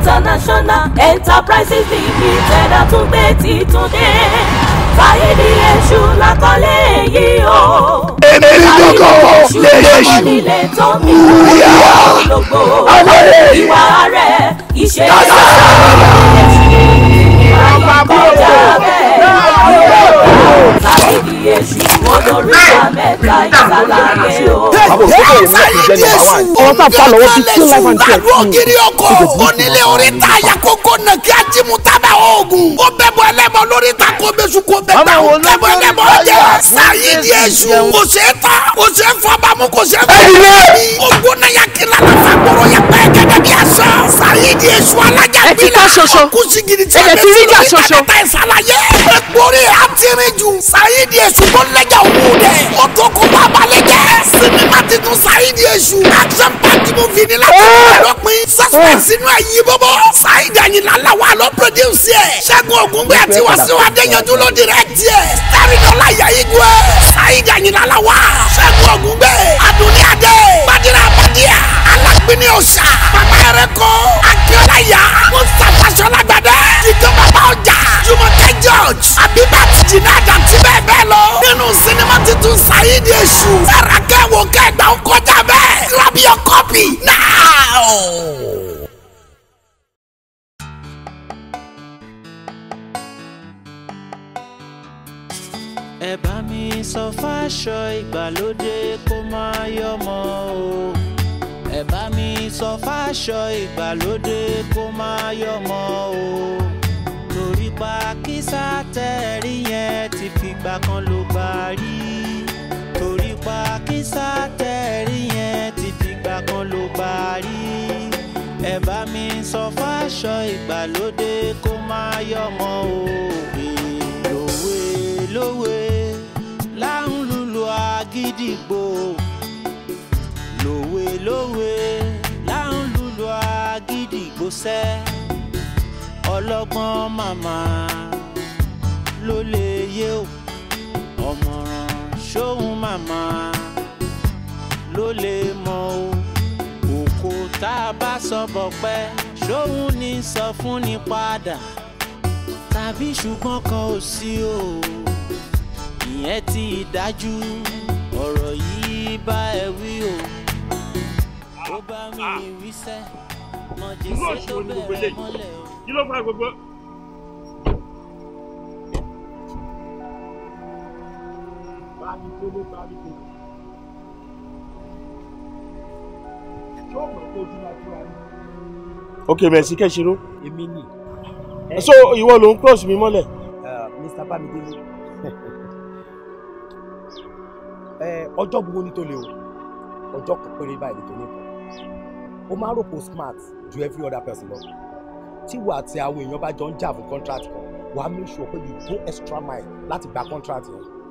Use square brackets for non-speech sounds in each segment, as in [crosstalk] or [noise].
international enterprises limited àtúngbé titun dé fàyèdí èṣù lákọ́lé yìí o. èmi ló kọ́ lè yéṣu. wúyà àlẹ́ ìwà rẹ̀ ìṣe ìṣe ìṣe ìṣe ìṣe sáyidi èṣù olórí mẹ́ta ìsàlàyé o. sáyidi èṣù olórí mẹ́ta ìsàlàyé o. ìgbàlú ògiri ọkọ̀ onílé oríta àyàkókò nàkí oògùn. ó bẹ bọ ẹlẹ́mọ lórí ta kó bẹ́sù bẹ gbà. ó bẹ bọ ẹlẹ́mọ jẹ sayi di èṣù. kò ṣe é kò ṣe é fọbàmù kò ṣe é fọbàmù. ogun náà yà kí lálẹ́ fà gbọ̀rọ̀ yà pẹ́ gẹ́gẹ́ bí àṣà. di èṣù alájà bí la ọkùn sigidi tí a bẹ fi lórí ìtàkẹ́tà ìsàlàyé. ẹ gbórí àtìrìnjù. sayi di èṣù kò lẹ́jà òkú dẹ̀. o tó kó bá balẹ̀ jẹ́. sinimá titun sayi di èṣù. action packed movie ni láti oh! lọ́pin díẹ̀. ṣẹ́gun ògúngbẹ́ àti wàsíù adéyanjú ló direct díẹ̀. starring ọláyà igwe. saheed àyìnlá la wà. ṣẹ́gun ògúngbẹ́. adúlé adé. badira abadia. alágbèéní òòṣà. bàbá yẹrẹ kọ́. akíọ́lá yá. mustapha sọlágbàdẹ. títí bàbá ọjà. jùmọ̀kẹ́ george. abibat jinad àti bẹ́ẹ̀ bẹ́ẹ̀ lọ. nínú sinimá titun saheed èṣù. fẹ́ràn kẹ́wò kẹ́gbà ó kọjá bẹ́ẹ̀. grab your copy now. ẹ mi sọ fáṣọ ìgbàlódé kó má yọmọ o ẹ mi sọ fáṣọ ìgbàlódé kó má yọmọ o torí pa kísà tẹ́ẹ̀rí yẹn ti fìgbà kan ló gbà rí torí pa kísà tẹ́ẹ̀rí yẹn ti fìgbà kan ló gbà rí ẹ bá mi sọ fáṣọ ìgbàlódé kó má yọmọ o lówe lówe là ń lùlù àgídìgbò lòwe lòwe là ń lùlù àgídìgbò sẹ́ ọlọ́gbọ́n màmá ló lè yé o ọ̀mọ̀ràn ṣóhun màmá ló lè mọ o òkò tá a bá sọ bọ̀ pẹ́ ṣóhun ní sọ fún ni padà tàbí ṣùgbọ́n kan ò sí o ìyẹn ti dájú ọ̀rọ̀ yìí bá ẹ wí o ó bá mi wí mọ jésù tó bẹ̀rẹ̀ mọ́lẹ̀ o. kí ló fà gbogbo. ok bẹ̀rẹ̀ sí kẹ́sìrò. so ìwọ ló ń cross mi mọ́lẹ̀. Eh, mr bamidele ọjọ́ gbogbo ní tó le o ọjọ́ kan péré báyìí ní tó ní bọ̀ o máa rò pé o smart ju every other person lọ tí wà àti àwọn èèyàn bá jọ ń jà fún contract kan wàá make sure pé you go extra mile láti gba contract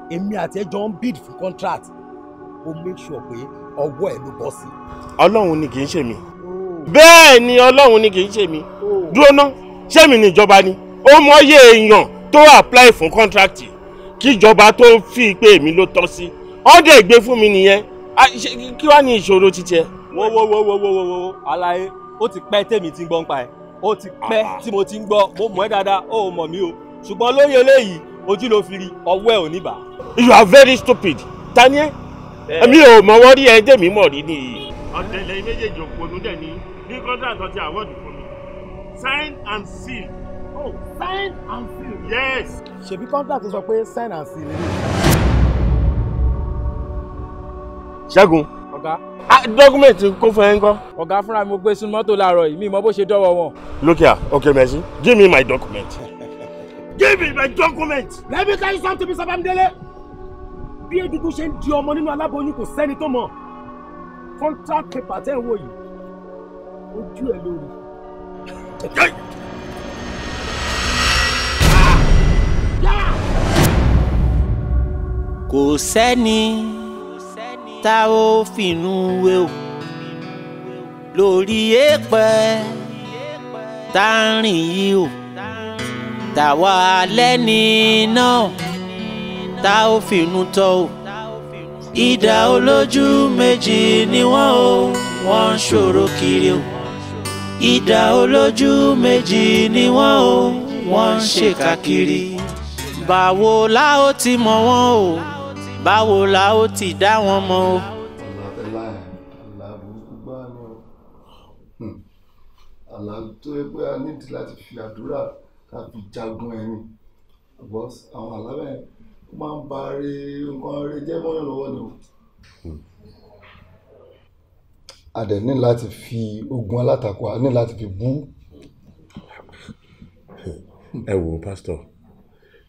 yẹn èmi àti ẹ jọ ń bid fún contract o make sure pé ọwọ́ ẹ ló bọ́ sí. ọlọ́run ni kì í ṣe mi oh. bẹ́ẹ̀ ni ọlọ́run ni kì í ṣe mi dúró ná ṣé mi níjọba ni ó mọyé èèyàn tó apply fún contract kíjọba tó fi pé èmi ló tọ́ sí. Si ọ̀dẹ̀ ìgbé fún mi nìyẹn kí wàá ní ìṣòro títí ẹ. wo wo wo wo wo wo alaye ó ti pẹ́ tèmi ti ń pa ẹ̀ ó ti pẹ́ ah. tí mo ti ń mo mọ̀ ẹ́ dáadáa ó mọ̀ mí o ṣùgbọ́n lórí eléyìí ojú ló fi rí ọwọ́ ẹ̀ ò ní bà. you are very stupid tani ẹ mi ò mọ wọ́n rí ẹ dé mi mọ̀ rí nìyí. ọ̀tẹ̀lẹ̀ méjèèjì òpònú dẹ̀ ni ní kọ́ńtàtọ̀ ti àwọ̀dù fún mi sign and seal. oh sign and seal. yes. ṣebí kọ́ńtà tó sọ pé sign and seal ṣẹ́gun. ọ̀gá. dọ́kúmẹ̀tì kó fún ẹ ńkọ́. ọ̀gá fúnra mi gbé sínú mọ́tò láàárọ̀ yìí mi mọ bó ṣe dọ́wọ́ wọn. look here okay merci give me my document. [laughs] give me my document. let me tell you something mr bamidele bí egungun ṣe ń di ọmọ nínú aláboyún kò sẹ́ni tó mọ̀ contract paper tẹ́ ń wò yìí ojú ẹ̀ lórí. Ah! kò sẹ́ni tá ó fìnú wé o lórí èèpẹ̀ tá ń rìn yìí o tàwa lẹ́ni náà tá ó fìnú tọ́ o idà olójú méjì ni wọ́n o wọ́n ń ṣòro kiri o idà olójú méjì ni wọ́n o wọ́n ń ṣèkà kiri báwo la ti mọ̀ wọ́n o báwo la ó ti dá wọn mọ̀ o. àlá tó yẹ pé a nídìí láti fi àdúrà ká fi jagun ẹni àwọn àlábẹ́ ó máa ń ba re nǹkan re jẹ́ mọ́yàn lọ́wọ́ ni o. a dẹ̀ ní láti fi ogun alátakò a ní láti fi bú. ẹ wo pásítọ̀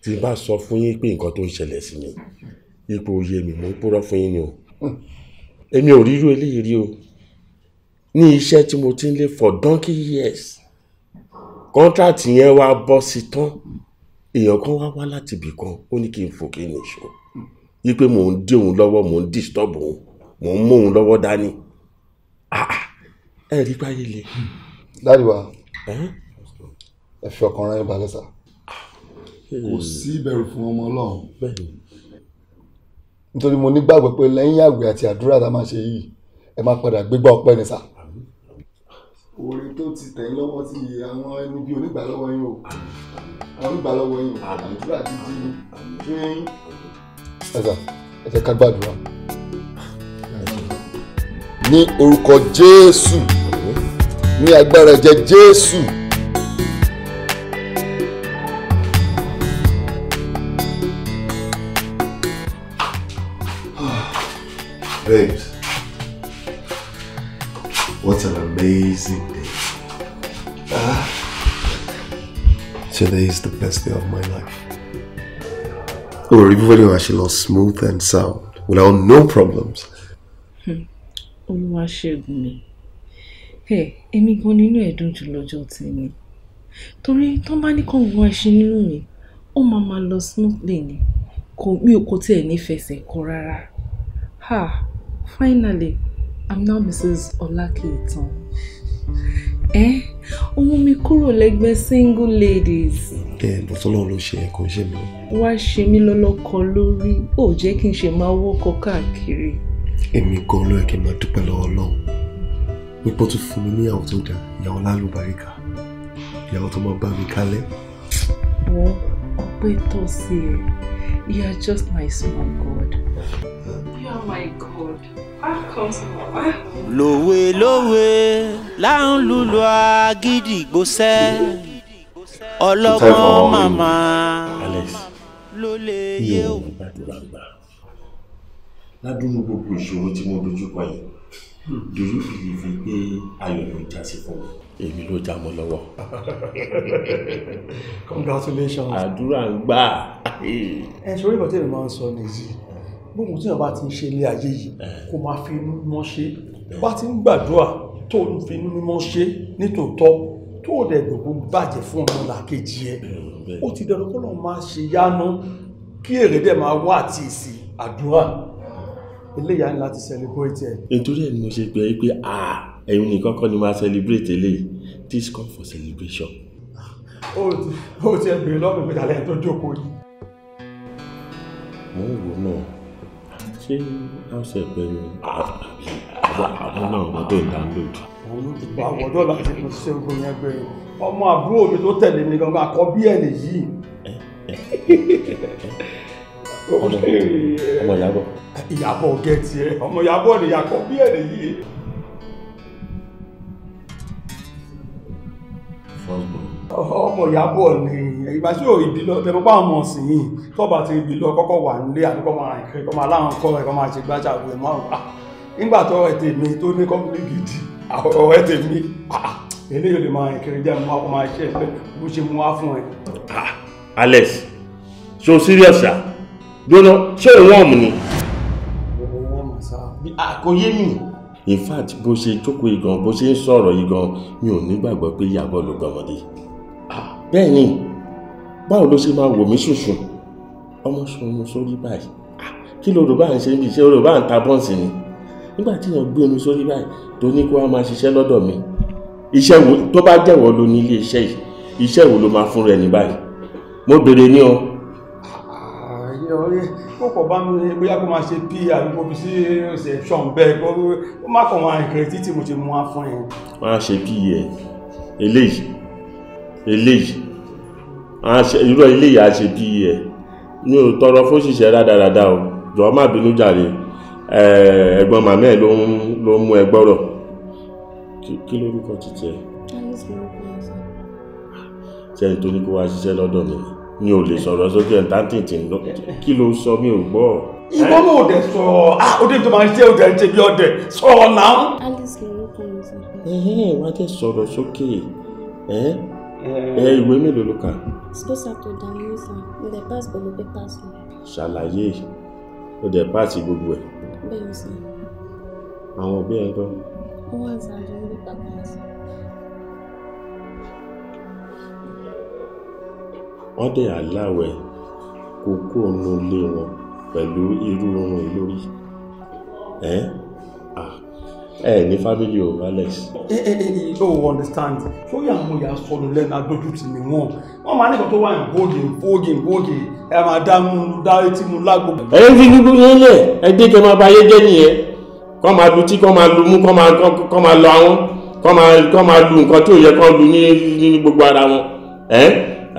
tí bá sọ fún yín pé nǹkan tó ń ṣẹlẹ̀ sí mi ipò òye mi mo ń purọ́ fún yín ni o [laughs] èmi ò rírú eléyìí rí o ní iṣẹ́ tí mo ti ń lé for donkey years contract yẹn wá bọ́ sí tán èèyàn kan wá wá láti ibì kan ó ní kí n fòkè nìṣó yí mò ń dé òun lọ́wọ́ mò ń disturb òun mò ń mú òun lọ́wọ́ dání ah, ah, ẹ rí báyìí le. dáàdi wa ẹ fi ọkàn rẹ balẹ̀ sá ah, kò sí ìbẹ̀rù fún ọmọ ọlọ́run nítorí mo nígbàgbọ́ pé lẹ́yìn àwẹ̀ àti àdúrà tá a máa ṣe yìí ẹ máa padà gbégbá ọpẹ́ ni sà. orí tó ti tẹ̀ ń lọ́wọ́ sí àwọn ẹni bíi onígbàlọ́wọ́ yín o àwọn onígbàlọ́wọ́ yín o àdúrà ti di fún yín. ẹ sà ẹ ká gbàdúrà ní orúkọ Jésù ní agbára ẹ̀jẹ̀ Jésù. Babes, what an amazing day. Ah, today is the best day of my life. Or everybody was actually lost smooth and sound without no problems. Hmm. Olúwaṣẹ́gun mi. Ẹ èmi gan nínú ẹ̀dùn jù lọ́jọ́ tèmi. Torí tó bá ní kàn wọ ẹṣin nínú mi, ó máa máa lọ smoothly ni. Come, you go tiẹ̀ nífẹsẹ̀ face, rárá. Ha! Finally, I'm now Mrs. Olakiitan. [laughs] Eh? Ọmọ mi kúrò lẹ́gbẹ́ single ladies. Ẹ eh, bọ̀ tọ́lọ́ ló ṣe ẹ̀kọ́ ṣe mí. Wá ṣe mí lọ́lọ́kọ lórí, ó jẹ́ kí n ṣe máa wọ́kọ̀ káàkiri. Èmi gan ló yẹ kí n máa dúpẹ́ lọ́wọ́ Ọlọ́run. Wípé ó tún fún mi níyàwó tó dáa, ìyàwó lálùbáríkà, ìyàwó tó máa bá mi kálẹ̀. Wọ́n ọpẹ́ tọ́ sí ẹ, you are just my small God lòwe lòwe là ń lùlù agídìgbò sẹ́ ọlọ́gbọ́n màmá ló lè yé o. ládùúgbò gbogbo ìṣòro tí mo dojú kọ yìí do you believe pé ayọ̀ ló já sí fún mi. èmi ló já mọ́ lọ́wọ́. [laughs] congratulations. àdúrà ń gbà. ẹ ṣorí ìbọn tí èmi máa ń sọ nìyí gbóhùn tí ìyàbá ti ń ṣe ilé ayé yìí eh. kó máa fi inú mímọ́ ṣe bá ti ń gbàdúrà tó ń fi inú mímọ́ ṣe nítòótọ́ tó o dẹ̀ gbogbo bàjẹ́ fún ọmọ làkejì ẹ eh. ó ti dẹrọ kó lọ́ọ́ máa ṣe yánú kí èrè dẹ̀ máa wá àti ìsìn àdúrà eléyà ńlá ti celebrate ẹ. nítorí ẹ̀ ni mo ṣe pé pé ẹ̀yin nìkan kọ́ ni máa celebrate eléyìí this come for celebration. ó ti ẹ bèrè lọ́mọ ìgbéjà lẹ́yìn tó jókòó yìí. mo ń wò náà ṣé ọ̀sẹ̀ pẹ̀lú àwọn náà ọmọdé ìdánlódì. òun ló ti gba ọ̀dọ́ láti lọ sí ogun yẹn gbé ọmọ àbúrò mi tó tẹ̀lé mi gangan àkọ́ bí ẹ̀ nìyí. ọmọ ìyàbọ̀. ìyàbọ̀ gẹ̀ẹ́tì ẹ ọmọ ìyàbọ̀ ni àkọ́ bí ẹ̀ nìyí. fọ́ọ̀mù ọmọ ìyàbọ̀ ni ìgbà tí ò ìbí lọ àwọn ọ̀sìn yìí tó ti ìbí kọ́kọ́ wà nílé àbíkọ́ ah, ah, ah, máa rìn kiri máa láwọn kọ́ ẹ̀kọ́ máa ṣe gbájà òwe márùn-ún nígbà tó ẹ̀ tèmi tó ní kọ́mílì gidi ọ̀rọ̀ ẹ̀ tèmi eléyìí lè máa rìn jẹ́ mú akọ́ máa ṣe ẹ̀fẹ́ bó ṣe mú wá fún ẹ. Alex so serious sa jóná ṣé òun ọ̀mù ni. àkòyé in fact bó ṣe jókòó igan bó ṣe ń sọ̀rọ̀ igan mi ò nígbàgbọ́ pé ìyàbọ̀ ló gbọmọdé bẹ́ẹ̀ ni báwo ló ṣe máa wò mí ṣùṣù ọmọ sọnù sórí báyìí kí ló rò bá ń ṣe bí ṣé rò bá ń ta bọ́ǹsì ni nígbà tí èèyàn gbé omi sórí báyìí tó ní kó wá máa ṣiṣẹ́ lọ́dọ̀ mi iṣẹ́ wo tó bá jẹ́wọ́ ló ní ilé iṣẹ́ yìí iṣẹ́ wo ló máa fún rẹ̀ ní báyìí mo béèrè ní o. ó kọ̀ bá mi bóyá kó máa ṣe pí àdúgbò fi sí reception bẹ́ẹ̀ kó má kàn wá nǹkan títí mo ṣe mú wá fún yẹn. má ṣe pí yẹ eléyìí eléyìí irú eléyìí á ṣe bí ẹ mi ò tọrọ rádaràda o jọ̀ọ́ má bínú jàre ẹ̀gbọ́n màmá ẹ̀ ló lo mú ẹ gbọ́rọ̀ kí lórúkọ títí ẹ sẹ́ni tó ní kó wá ṣiṣẹ́ lọ́dọ̀ mi mi ò lè sọ̀rọ̀ sókè ẹ̀ tántìntì ń lọ kí ló sọ mi ò gbọ́. ìwọ náà ò dẹ sọ ah òde tó máa ń ṣe òde ṣe bí ọdẹ sọ̀rọ̀ náà. alice lórúkọ mi sọ. ẹ ẹ wá sókè ẹ eh, eh, ìwé mélòó ló kà. spesa tó dání sàn mo dẹ̀ pass gbogbo papers mi. ṣàlàyé o dẹ̀ pass gbogbo ẹ̀. bẹ́ẹ̀ sàn. àwọn òbí ẹ̀ ń tọ́. wọ́n wá sàájú ní bàbá ẹ̀ sàn. wọ́n dẹ̀ aláwẹ̀ kó kó nu ilé wọn pẹ̀lú irú oorun lórí. ẹ́ ah ẹ ní family o alex. ẹ ẹ ẹ o understand sórí àwọn ìyá sọnù lẹ́nu adójútì mi wọn wọn máa nígbà tó wà ní bóge bóge bóge ẹ máa dá mú dá etí mú lágbo. ẹ ń fi gbogbo yẹn lẹ ẹ dé kẹ máa ba ayé jẹ nìyẹn kọ́ máa lu tí kọ́ máa lu mú kọ́ máa kọ́ máa lọ àwọn kọ́ máa kọ́ máa lu nǹkan tó yẹ kọ́ lu ní ní gbogbo ara wọn ẹ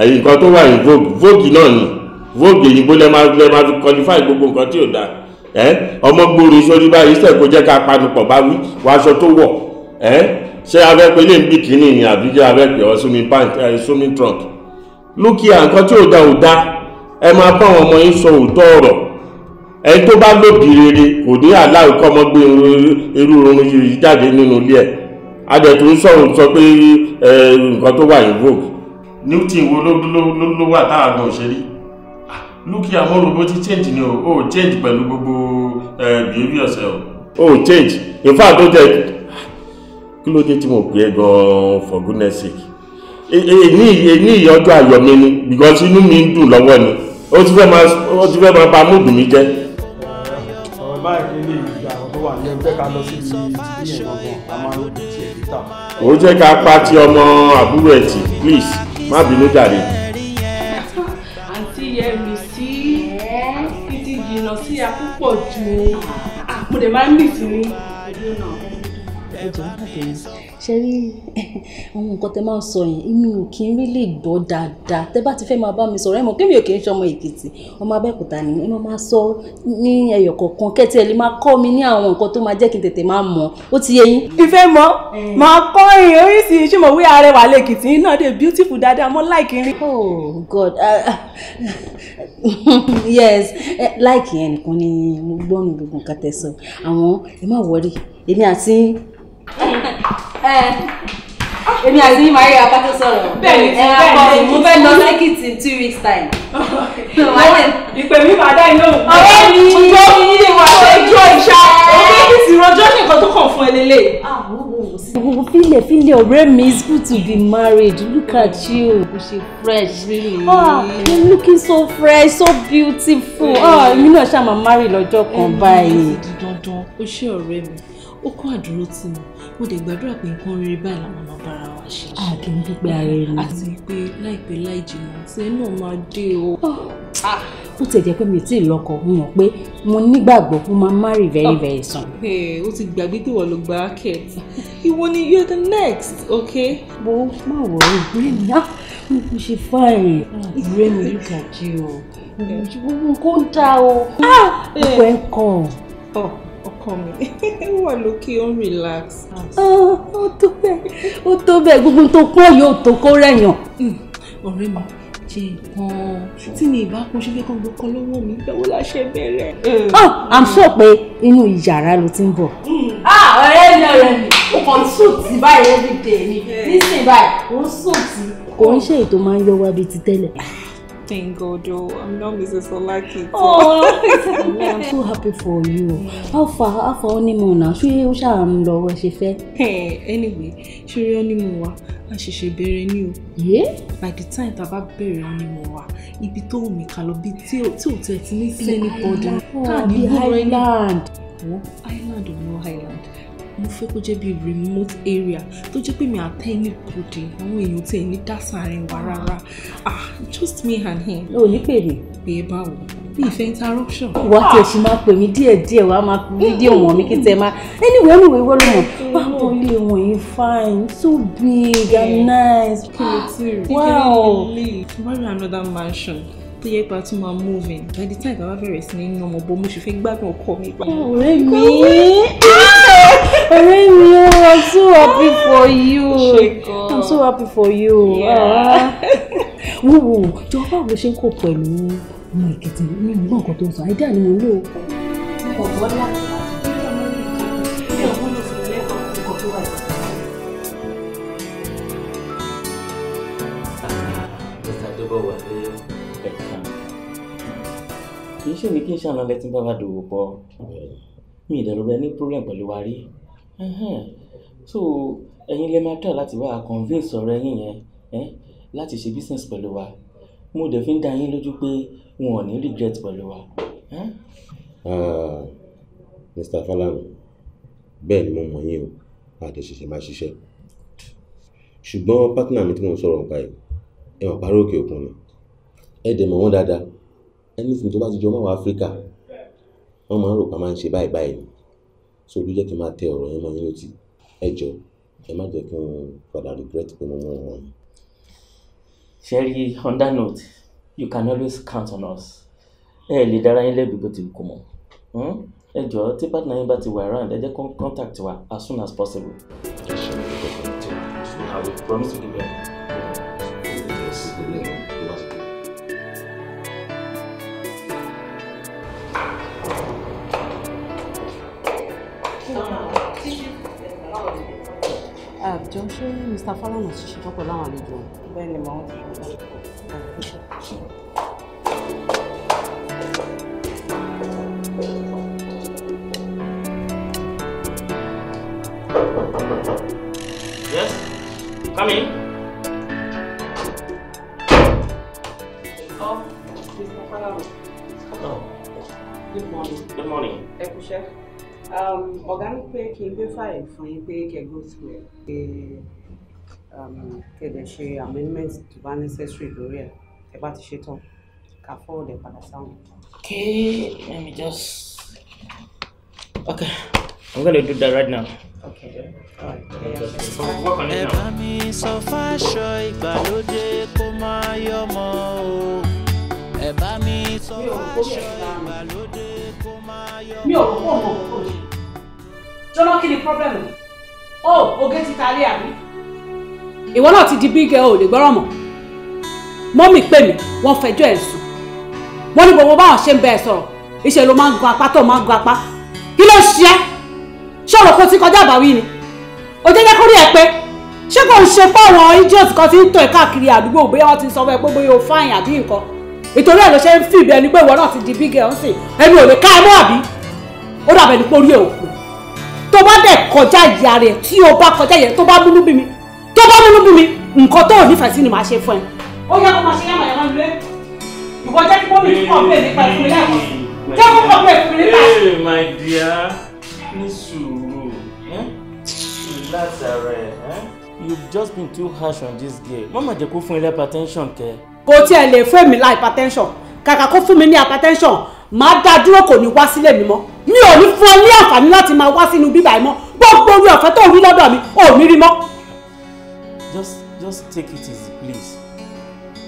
nǹkan tó wà ní vogue vogue náà ni vogue èyí bó lẹ máa lẹ máa qualify gbogbo nǹkan tí ò dáa. ọmọ gbòòrò sórí báyìí sẹ́kọ̀ọ́ jẹ́ ká panupọ̀ bá wí wàṣọ tó wọ. ṣé abẹ́pẹ́ lè ń bì kíní ìyìn àbíjẹ́ ọ swimming pant trunk tí ò da ò da ẹ máa bá àwọn ọmọ yín sọ òótọ́ ẹ tó bá lòdì rere kò ní ọmọ gbé irú yìí jáde nínú ilé ń sọ pé nǹkan tó wà yìí vogue lókè àmọ́rò bó ti change ni o ò change pẹ̀lú gbogbo behaviour ṣe o. o change in fact ó jẹ kí ló dé tí mo pè é gan-an for goodness sake èmi èmi ìyọjọ́ ayọ̀ mi ni because inú mi ń dùn lọ́wọ́ ni ó ti fẹ́ máa ó ti fẹ́ máa ba múdùn mi jẹ́. ọ̀rọ̀ báyìí kí lè gbà àwọn tó wà ní ẹgbẹ́ ká lọ sí ti ìyẹn gbọ̀ngàn a máa ń tiẹ̀ títà. ó jẹ́ ká pa ti ọmọ àbúrò ẹ̀ tì please má bínú jàre. àǹtí yẹn pọ̀ jù ah, mo dẹ̀ máa ń mì sí ní. ẹ jẹ́ ń pàtẹ́yìn ṣe rí àwọn nǹkan tẹ máa ń sọ yẹn inú ò kí n rí lè gbọ́ dáadáa tẹ bá ti fẹ́ máa bá mi sọ̀rọ̀ ẹ mọ̀ kémi ò kí n ṣọmọ èkìtì ọmọ abẹ́òkúta ni ẹ máa sọ ní ẹyọ kọ̀ọ̀kan kẹ́tì ẹ lè máa kọ́ mi ní àwọn nǹkan tó máa jẹ́ kí n tètè máa mọ̀ ó ti yé yín. ìfẹ́ mọ́ eh. máa kọ́ ìyìn oríṣi ìṣúmọ̀ wí ààrẹ wà lẹ́kìtì náà dé beautiful dáadáa mọ́ láìkí rí. oh god ah, ah. [laughs] yes eh, láìkì yẹn nìkan ni mo gbọ́ nù gbogbo nǹkan tẹ sọ àwọn ẹ má wọrí èmi àti Eh, èmi àti yín máa rí apá tó sọ̀rọ̀ bẹ́ẹ̀ni ẹ eh, akọ mo fẹ́ lọ lẹ́kìtì in two weeks time. [laughs] ìpè mi máa dá iná òun. ọ̀rẹ́ mi ìjọ ilé wa ẹjọ́ ìṣá lẹ́kìtì eh. rọjọ́ nìkan tó kàn fún ẹ lélẹ̀. Ah, fílẹ̀ fílẹ̀ ọ̀rẹ́ mi is good to be married look at you you ṣe fresh really ah you looking so fresh so beautiful ah èmi náà ṣáà máa marry lọ́jọ́ kan báyìí. ó ṣe ọ̀rẹ́ mi ó kọ́ àdúró tì mí mo dẹ̀ gbàdúrà pé nǹkan rere báyìí làwọn máa bára wa ṣe. àti gbígbé ara ẹni. àti pé láìpẹ́ láì jìnnà ṣe náà máa dé o. Ah! ó ti jẹ́ pé mi ò tí ì lọ́kọ mo mọ̀ pé mo nígbàgbọ́ mo máa marry very very soon. Ah! ó ti gbàgbé pé wọ́n ló gba racket ìwọ ni you are the next ok? wo má wọrí ìgbẹ́ mi á ah! mo ṣe fáìrì ìgbẹ́ mi ló kà jí o mo kó dá o. ọkọ̀ ẹ̀ kọ̀. Oh ọkọ mi [laughs] ó wà lókè ó ń relax. Ah, ó tó bẹ́ẹ̀ ó tó bẹ́ẹ̀ gbogbo tó pọ̀ yóò tó kó rẹ̀yàn. Hmm, ọ̀rẹ́ mi ṣe nǹkan tí mi ìbá kun ṣe fẹ́ kàn gbọ́kọ́ lọ́wọ́ mi bẹ́wò láṣẹ bẹ̀rẹ̀. Ah, i'm sure pé inú yàrá ló ti ń bọ̀. Hmm. Ah, ọ̀rẹ́ mi ọ̀rẹ́ mi ó kàn sùn tí báyìí everyday ni eh. nísìnyí báyìí ó ń sùn tí. kò ń ṣe ètò máa ń yọ wá bíi ti tẹ́lẹ̀ thank God. Oh, I'm not Mrs. Olaki. Oh, [laughs] I'm so happy for you. Mm. How far? How far honeymoon now? Ṣé o ṣáà ń lọ wẹ̀ ṣe Anyway, ṣé o rí honeymoon wa? A ṣẹ̀ṣẹ̀ bẹ̀rẹ̀ ni o. By the time tá about burying bẹ̀rẹ̀ honeymoon wa, ibi tó wù mí kà lọ bí tí ò tẹ̀ ti Highland. sẹ́ni bọ́dà. Káà ní Island. Oh, mo fẹ́ kó jẹ́ bíi remote area tó jẹ́ pé mi àtẹ anybody àwọn èèyàn tí ẹ̀ ní dásàárín wa rárá ah just me and him. o ò ní pèrè. pé ẹ báwo bí ìfẹ́ interruption. ìwọ tí o ah! sì máa pè mí díẹ̀ díẹ̀ wàá máa fi fídíò wọn mi kí tẹ máa anyway anyway wọ́n ló mọ̀ báwo lè wọ̀n yín fine so big and nice. kí ló ti rí kí ló lè buy another mansion tó yẹ pa tún máa move in by the time bàbá bẹ̀rẹ̀ sí ní nà ọmọ bọ́ mo sì fẹ́ gbádùn ọkọ mi. ọ̀rẹ́ mi ọ̀rẹ́ mi oh, ah, i'm so happy for you i'm so happy for you wo wo jọ̀wọ́ báwo ló ṣe ń kó pẹ̀lú ọmọ ìkẹtẹ mi ò gbọ́ nǹkan tó ń sọ àìdá ni mo lò. kì í ṣèmi kí n ṣàlàyé tí bàbá dòwò pọ̀ mi ìdẹ̀rù ní problem pẹ̀lú wa rí. Ẹhẹ́n. So ẹ̀yin lẹ máa try láti bá wa convince ọ̀rẹ́ yín yẹn, ẹ́n, láti ṣe business pẹ̀lú wa. Mo dẹ̀ fi ń dá yín lójú pé wọn ò ní regret pẹ̀lú wa. Ah, Mr. Falana, bẹ́ẹ̀ ni mo mọ̀ yín o, a dẹ̀ ṣẹ̀ṣẹ̀ máa ṣiṣẹ́. Ṣùgbọ́n partner mi tí mò ń sọ̀rọ̀ nípa ẹ̀, ẹ mọ̀ pé ará òkè òkun ni. Ẹ dẹ̀ mọ̀ wọ́n dáadáa. Anything tó bá ti jọ mọ́ àwọn Áfríkà, wọ́n máa ń rò pé máa ń ṣe báyìí báyìí ni so ló jẹ́ kí n máa tẹ ọ̀rọ̀ yẹn mọ́ yín létí ẹ ẹ má jẹ́ kí n padà regret pé mo mú wọn. sherry on that note you can always count on us ẹ lè dára yín lẹ́bi bó ti kú mọ́ hmm? ẹ jọ tí partner yín bá ti wà around ẹ jẹ́ kó contact wa as soon as possible. ẹ ṣe ní ìgbésẹ̀ tí wọ́n ti wá promise to give you. ṣé Mr. Falana ti ṣetán pẹ̀lú àwọn àlejò? Bẹ́ẹ̀ni, màá ń ṣe. ọ̀gá ní pé kí n gbé fáìlì fún yín pé kẹ́ go square pé um, kẹ̀dẹ̀ ṣe amendment tó bá necessary lórí ẹ̀ ẹ bá ti ṣe ká fọ́ọ̀ dẹ̀ padà sáwọn. okay let me just okay i'm gonna do that right now. okay all right. ẹ bá mi sọ fáṣọ ìgbàlódé kó máa yọmọ o ẹ mi sọ fáṣọ ìgbàlódé kó máa yọmọ o jọ́nà kí ni problem o oge ti ta lé àbí. ìwọ náà ti di big girl ò lè gbọ́rọ̀ mọ́ mọ́mì pè mí wọ́n fẹjọ́ ẹ̀ sùn wọ́n ní gbogbo báwọn ṣe ń bẹ ẹ sọ̀rọ̀ iṣẹ́ ló máa ń gun apá tó máa ń gun apá kí ló ṣe é ṣọ̀rọ̀ kó ti kọjá àbáwí ni ó jẹ́ jẹ́ kórìí ẹ pé ṣé kò ń ṣe pé àwọn idiot kan ti ń tọ̀ ẹ́ káàkiri àdúgbò bóyá wọ́n ti sọ fún ẹ pé bóyá o fáyìn àbí nǹkan ìtorí ẹ̀ ló ṣe ń fìbí ẹni pé ìwọ náà ti di big girl ń sìn ẹni ò lè ká ẹ mọ́ àbí ó dàbẹ̀ ní pórí ẹ̀ òkú tó bá dẹ̀ kọjá ìyá rẹ̀ tí o bá kọjá ìyá rẹ̀ tó bá múnú bí mi tó bá múnú bí mi nǹkan tó ò nífẹ̀ẹ́ sí ni màá ṣe fún ẹ. ó yẹ kó máa ṣe yàmà yàmà lulẹ̀ ìwọ jẹ́ kí bọ́ọ̀lù tún kọ̀ọ̀pẹ̀ nípa ìfúnmi lẹ́ẹ̀kan jẹ́ kó kọ̀ọ̀pẹ̀ ìfúnmi nípa. ee my dear ní sùúrù látara ẹ you've just been too harsh on this girl mama jẹ́ kó fún ilé hypertension kẹ. kò tiẹ̀ lè fún èmi lá hypertension kàkà kó fún mi ní hypertension máa dá dúró kò ní wá sílé mi mọ́ mi ò ní fún ọ ní àǹfààní láti máa wá sínú bíbá yìí mọ́ gbogbo orí ọ̀fẹ́ tó rí lọ́dọ̀ mi ò ní rí mọ́. just just take it easy please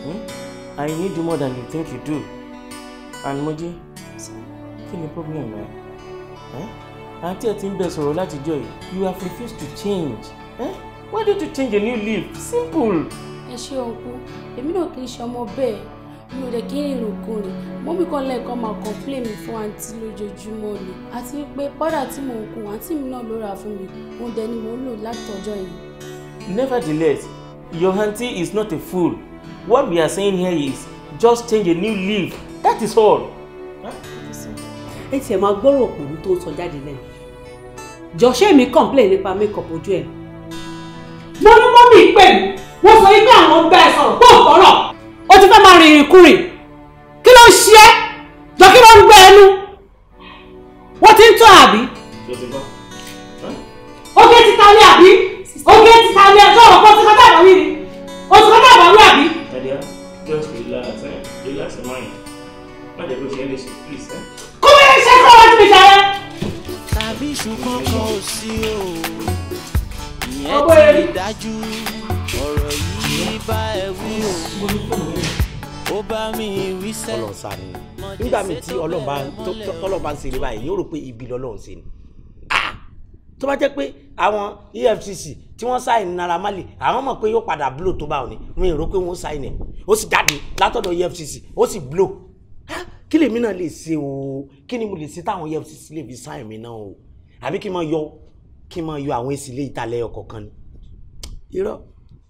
hmm? i need you more than you think you do and Moji, kí ni problem rẹ hmm? àǹtí ẹ ti ń bẹ sọ̀rọ̀ látijọ́ yìí you have refused to change eh? why don't you change a new leaf simple. ẹ ṣe òkú èmi náà kì í ṣe ọmọ bẹ́ẹ̀ mi ò dẹ̀ kí n rìn kò rìn mọ́mí kan lẹ́ẹ̀kan máa complain mi fún àǹtí lójoojúmọ́ ni àti pé pọ́dà tí mò ń kun àǹtí mi náà ló rà fún mi òun dẹ̀ ni mò ń lò látọjọ́ yìí. nevertheless your aunty is not a fool what we are saying here is just change a new leaf that is all. ẹ tiẹ̀ máa gbọ́rọ̀ òpònú tó ń sọ jáde lẹ́nu jọ̀ṣẹ́ mi complain nípa makeup ojú ẹ̀. mo ní mọ́mí pè mí wọ́n sọ pé àwọn bá ẹ sọ̀rọ̀ tó ń o ti fẹ́ máa rìn ìrìn kúrìn kí ló ń ṣe é jọ kí ló ń gbé ẹnu wọ́n ti ń tọ́ àbí. oge ti ta ní àbí oge ti ta ní ẹjọ́ ọ̀rọ̀ kan ti kọ́tà àbáwí ni o ti kọ́tà àbáwí àbí. Nadia, just relax ẹ eh? relax ẹ máa yàn má jẹ́ kó ṣe é lè please. Eh? kó mi lè ṣe kó wọ́n ti fi tàbí ṣùgbọ́n kan sí o ìyẹn ti dájú ọ̀rọ̀ yìí bá ẹ wí o ó bá mi wí sẹ́. Ọlọ́run sàmì nígbà míì tí Ọlọ́run bá tọ́lọ́run bá ń ṣeré báyìí yóò rò pé ibi lọ́lọ́run ṣe ni ah! tó bá jẹ́ pé àwọn EFCC tí wọ́n sáìn Naira Marley àwọn mọ̀ pé yóò padà blow tó bá òní wọn èrò pé wọ́n sáìn ẹ̀ ó sì jáde látọ̀dọ̀ EFCC ó sì blow ah! kí lèmi náà lè ṣe o kí ni mo lè ṣe táwọn EFCC lè fi sáìn mi náà o àbí kí n máa yọ kí n máa yọ àwọn èsì ilé ìtàlẹ́ ọkọ̀ kan ni irọ́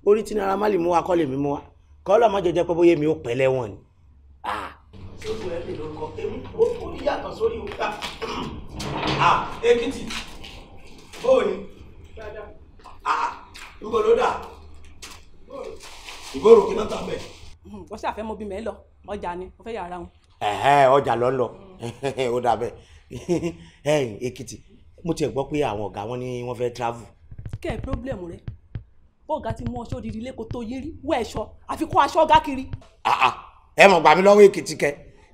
orí tí Naira Marley mú wa kọ́ lè mí mú wa kọ́ lọ́mọ jẹjẹ pé bóyá mi ò pẹ́ lẹ́wọ̀n ni. Ah. sóòtù ẹ lè lórúkọ èmi ó orí yàtọ̀ sórí òkúta ah. ah, Èkìtì bóòní nbọ ló dà ìgbòrò kí náà tà bẹ. Hmm, wọ́n ṣàfẹ́ mọ bí mẹ́ lọ ọjà ni mo fẹ́ yàrá wọn. ọjà lọ lọ ó dà bẹ́ẹ̀ Èkìtì mo tiẹ̀ gbọ́ pé àwọn ọ̀gá wọn ni wọ́n fẹ́ travel. kẹ́ ẹ̀ pírọ́blẹ̀mù rẹ̀ bọ́ọ̀gá ti mú ọṣọ òdìdí lẹ́kọ̀ọ́ tó yérí wọ ẹ̀ṣọ́ àfikún aṣọ ọ̀gá kiri. Ah, ah. ẹ mọ̀ gbà mí lọ́wọ́ èkìtì kẹ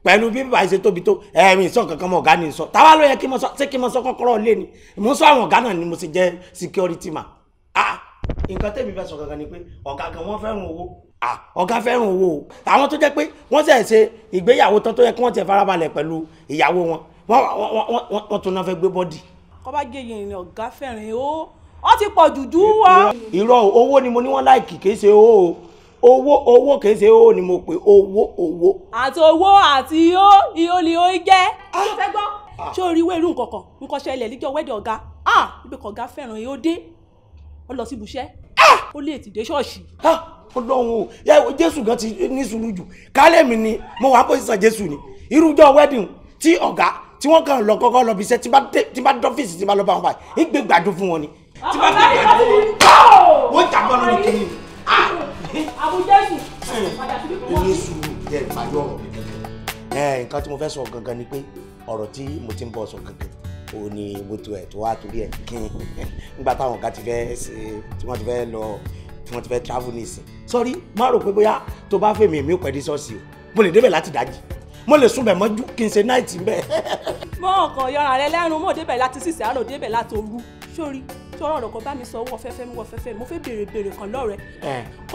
pẹ̀lú bí bàbá ṣe tóbi tó ẹ̀rín ìsọ̀ kankan mọ̀ ọ̀gá ni sọ táwa ló yẹ kí mo sọ ṣé kí mo sọ kọ́kọ́rọ́ lé ni mo sọ àwọn ọ̀gá náà ni mo sì jẹ́ security man. Ah, nǹkan tẹ́mi fẹ́ sọ kankan ni pé ọ̀gá gan wọ́n fẹ́ràn owó ọ̀gá fẹ́ràn owó o àwọn tó jẹ́ pé wọ́n ṣẹ̀ ṣe ìgbéyàwó tán tó yẹ kí wọ́n ti farabalẹ̀ pẹ̀lú ìyàwó wọn wọ́n tún náà fẹ́ gbé bọ́dì. kọ́ bá gé yìnyín ọ̀gá fẹ́ràn o ó ti pọ̀ jùjú wọ́. irọ́ owó ni mo ní wọ́n láìkì kì í ṣe owó owó owó kì í ṣe owó ni mo pè owó owó. àti owó àti ió ió ni ó jẹ́. Ah. ṣé o fẹ́ gbọ́ ah. ṣé o rí ìwé irú nǹkan kan nǹkan ṣẹlẹ̀ níjọ́ wẹ́dẹ̀ ọ̀gá ah! ibi kan ọ̀gá fẹ́ràn yìí ó dé ó lọ sí ibùṣẹ́ ó lè tì dé ṣọ́ọ̀ṣì. ọlọ́run o jésù gan ti ní sùúrù jù kálẹ̀ mi ni mo wà á pòsíṣàn jésù ni irújọ́ wẹ́dìn tí ọ̀gá tí wọ́n kàn lọ kọ́kọ́ lọ bí iṣẹ́ tí bá dọ́fíìsì tí bá lọ bá wọn báyìí ń gbé gbàdúrà fún wọn ni tí bá ti bẹ̀rẹ̀ lọ́wọ́ wọ́n jà bọ́ lórí kìíní. àbújá ẹ̀sùn padà síbi kò wá. ilé sùúrù jẹ́ ìpàjọ́ ọ̀rọ̀ mi gẹ́gẹ́. nǹkan tí mo fẹ́ sọ gangan ni pé ọ̀rọ̀ tí mo ti ń bọ̀ sọ gangan o ní moto ẹ̀ tó wá torí ẹ̀ kín nígbà táwọn ọ̀gá ti fẹ́ ṣe tí wọ́n ti fẹ́ lọ tí wọ́n ti fẹ́ travel nísìn sọ́rí má rò pé bóyá tó bá fèmí èmi ò pẹ́ dé ṣọ́ọ̀ṣì o mo lè débẹ̀ láti dájí mo lè sùn bẹ̀ mọ́jú kí n ṣe náìtì bẹ́ẹ̀. mọ́ ọkàn yọra rẹ lẹ́rùn mọ́ débẹ̀ láti sísè àrò débẹ̀ láti òru sórí sọ̀rọ̀ ọ̀rọ̀ kan bá mi sọ owó ọ̀fẹ́fẹ́ mi wọ̀fẹ́fẹ́ mi mo fẹ́ béèrè kan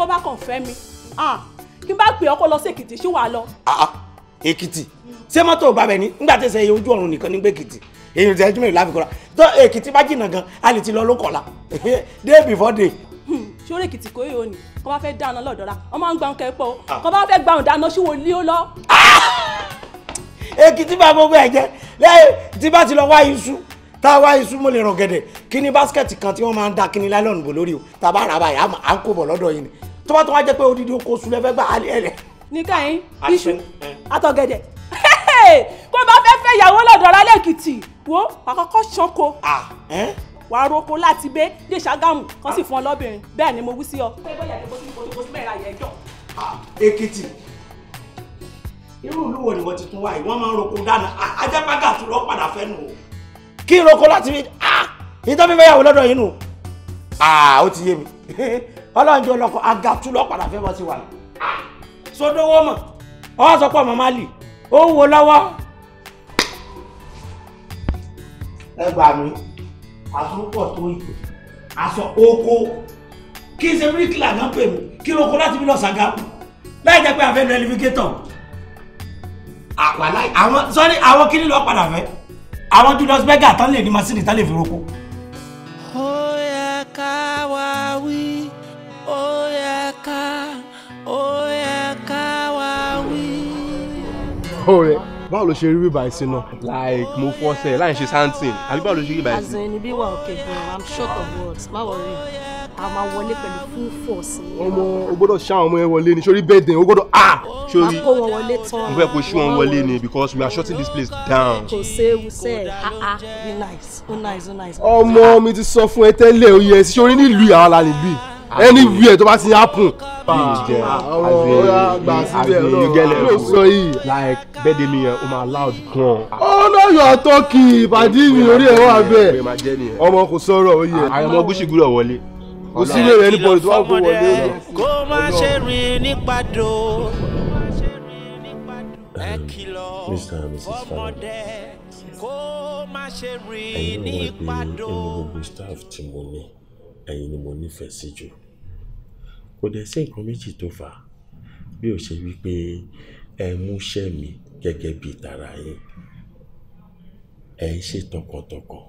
bá kàn fẹ́ mi kí n bá pè ọkọ lọ sí èkìtì ṣé wàá lọ. èkìtì ṣé mọ́tò bàbẹ̀ ni nígbà tẹ̀sẹ̀ ojú ọ̀run nìkan nígbà èkìtì ti ẹjú tó èkìtì bá jìnnà gan a lè ti lọ [laughs] day before day. Hmm, èkìtì kò yóò ní kó bá fẹ́ dáná lọ́dọ̀ọ́ra lọ. èkìtì bá gbogbo lẹ́yìn tí bá ti lọ wá iṣu táwa ìsúmọ̀ lè ràn gẹ̀dẹ̀ kí ni báskẹ̀tì kan tí wọ́n máa ń da kíni láìlọ́nù bò lórí o tàbá rà báyìí à ń kó bọ̀ lọ́dọ̀ yìí ni tó bá tó wá jẹ́ pé odidi oko oṣù lẹ́fẹ́ gbà á lẹ́rẹ̀. nìkan yín iṣu àtọ̀gẹ̀dẹ̀ kó bá fẹ́ fẹ́ ìyàwó lọ́dọ̀ ọ̀rá lẹ́kìtì wo àkọ́kọ́ ṣanko wà á roko láti gbé dé Ṣàgámù kan sì fún ọ lọ́bìnrin bẹ́ẹ̀ ni mo wí sí ọ. Èkìtì irú ìlú wo ni wọ́n ti tún wáyé wọ́n máa ń roko dáná ajá pàgàtúrọ̀ padà fẹ́ nù o kí n roko láti rí ah ìtọ́ fífẹ́ yàwó lọ́dọ̀ yìí nù ah ó ti yé mi [laughs] ọlọ́njọ́ ọlọ́kọ agatu lọ́padà fẹ́ bọ́ sí wa ah, sódówó mọ̀ ọwọ́ sọ pé ọmọ má lì ó wo lọ́wọ́. ẹ gbà mí àtúrúpọ̀ tó yìí aṣọ oko kí n ṣe bíríkìlà náà pè mí kí n roko láti bí lọ ṣàgá láì jẹ́ pé a fẹ́ ah, lọ ẹlifíkétọ̀ àwọn sọ́ni àwọn kíní lọ́ọ́ padà fẹ́ àwọn Julius Berger tán lè ní masini tán lè fi roko. ó ká wá wí ó ká ó ká wá wí. ọ̀rẹ́ báwo ló ṣe rí bíbá ẹsìn náà. like mo fọsẹ láì ṣe something àbí báwo ló ṣe rí bíbá ẹsìn. àzọ ẹni bí wà òkè gan i'm short of words má wọrí a máa wọlé pẹ̀lú full force. ọmọ o gbọ́dọ̀ ṣá àwọn ọmọ yẹn wọlé ni sórí bẹ́ẹ̀dẹ̀ o gbọ́dọ̀ a. Ah! sórí a kó wọn wọlé tán. mo fẹ́ kó ṣú wọn wọlé ni because we are shutting this place down. kò séwu sẹ́ ha ha be nice oh nice oh nice. ọmọ mi ti sọ fún ẹ tẹ́lẹ̀ oyè ẹ̀ sí sórí nílùú àwọn alálẹ̀ bíi anywhere tó bá ti happen. bíjẹ àgbẹ̀ ìgẹlẹ fún like bẹ́ẹ̀dẹ̀ mi yẹn o máa loud gan. ọ̀nà yóò tọ́kì ìbàdí mi orí ẹ̀ wà bẹ́ẹ̀ ọmọ kò sọ̀rọ̀ oyè. àyọ̀mọ̀ gúúsù gbúdọ̀ wọlé kò sí ilé rẹ̀ níbo ìtura kò wọlé. kó má ṣe rìn ní pàdó. Mr. Hmm. and Mrs. Fowler kó má ṣe rìn ẹ̀yin ló gbogbo staff tí mo ní ẹ̀yin ni mo nífẹ̀ẹ́ sí jù kò dẹ̀ sí nǹkan méjì tó fà á bí ó ṣe wípé ẹ múṣẹ́ mi gẹ́gẹ́ bí tara yín ẹ ń ṣe tọkàntọkàn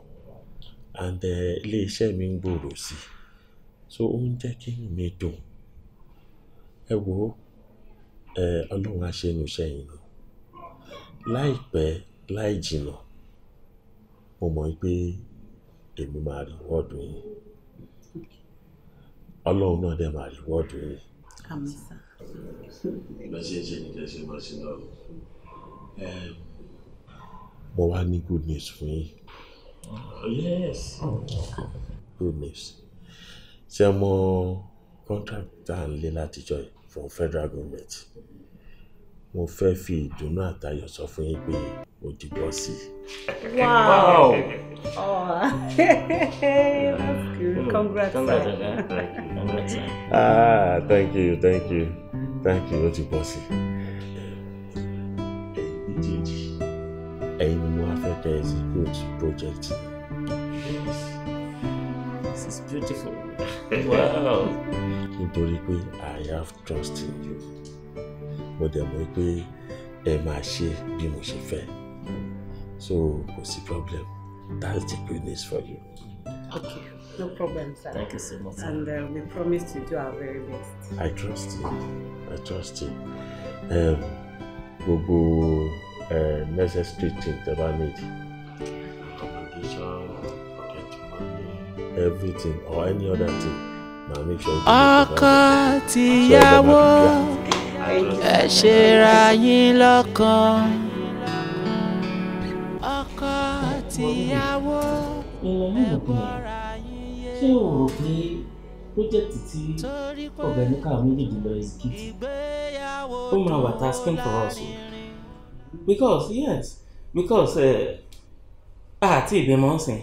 and iléeṣẹ́ mi ń gbòòrò sí i so ó ń jẹ́ kí inú mi dùn ẹ wo ẹ ọlọ́run aṣẹ́nuṣẹ́ yìí ni láìpẹ́ láì jìnnà mo mọ̀ pé èmi máa rí wọ́ọ̀dù yìí ọlọ́run náà dẹ̀ máa rìwọ́ọ̀dù yìí. àmín sà. bá ṣe ń ṣe ní kẹsì máa mo wá ní good news fún yín. Oh, yes. Oh, good news ṣé mo contract tá à ń lé látijọ́ from federal government mo fẹ́ fi ìdùnnú àtayọ̀ sọ fún yín pé mo dìbò sí i. wow oh. [laughs] that's good congrats. congrats ah thank you thank you thank you ó ti pọ̀ sí. ẹ̀yin ni mo wá fẹ́ kẹ́ ẹ sí project. this is beautiful wow. nítorí pé i have trust in you mo dẹ̀ mọ̀ pé ẹ máa ṣe bí mo ṣe fẹ́ so kò sí problem that's the good for you. okay. No problem, sir. Thank you so much. And uh, we promise to do our very best. I trust you. I trust you. Um, gbogbo uh, necessary thing tẹ́ bá need. Everything or any other thing. make sure. Ọkọ tìyàwó ẹ ṣera yín lọ́kàn. Ọkọ tìyàwó ẹ bọ́ra ṣé o rò pé pírójẹ́tì tí ọ̀gáníkà méjèèjì lọ execute ó máa wà tasking for us o because yes because àti eh, ìbímọ ọ̀sìn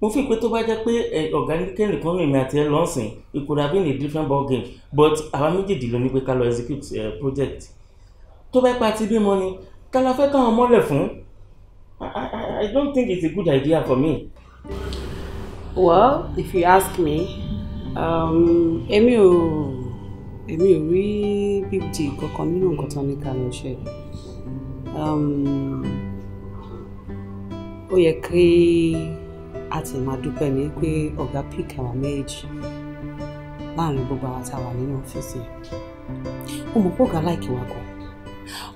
mo fi pé tó bá jẹ́ pé eh, ọ̀gáníkà nìkan rìn mí àti ẹ lọ́sìn it could have been a different ball game but àwa méjèèjì ló ní pé ká lọ execute uh, project tó bá pa ti bímọ ni ká la fẹ́ káwọn mọ́lẹ̀ fún I, I, I don't think it's a good idea for me well if you ask me um, èmi ò èmi ò rí big deal kankan nínú nǹkan tán ní kánò ṣe um, ó yẹ kí a ti máa dúpẹ́ ní pé ọ̀gá pick àwọn méjì láàrin gbogbo àwọn tá wà nínú ọ́fíìsì ó mọ̀ pé ọ̀gá láìkí wa kan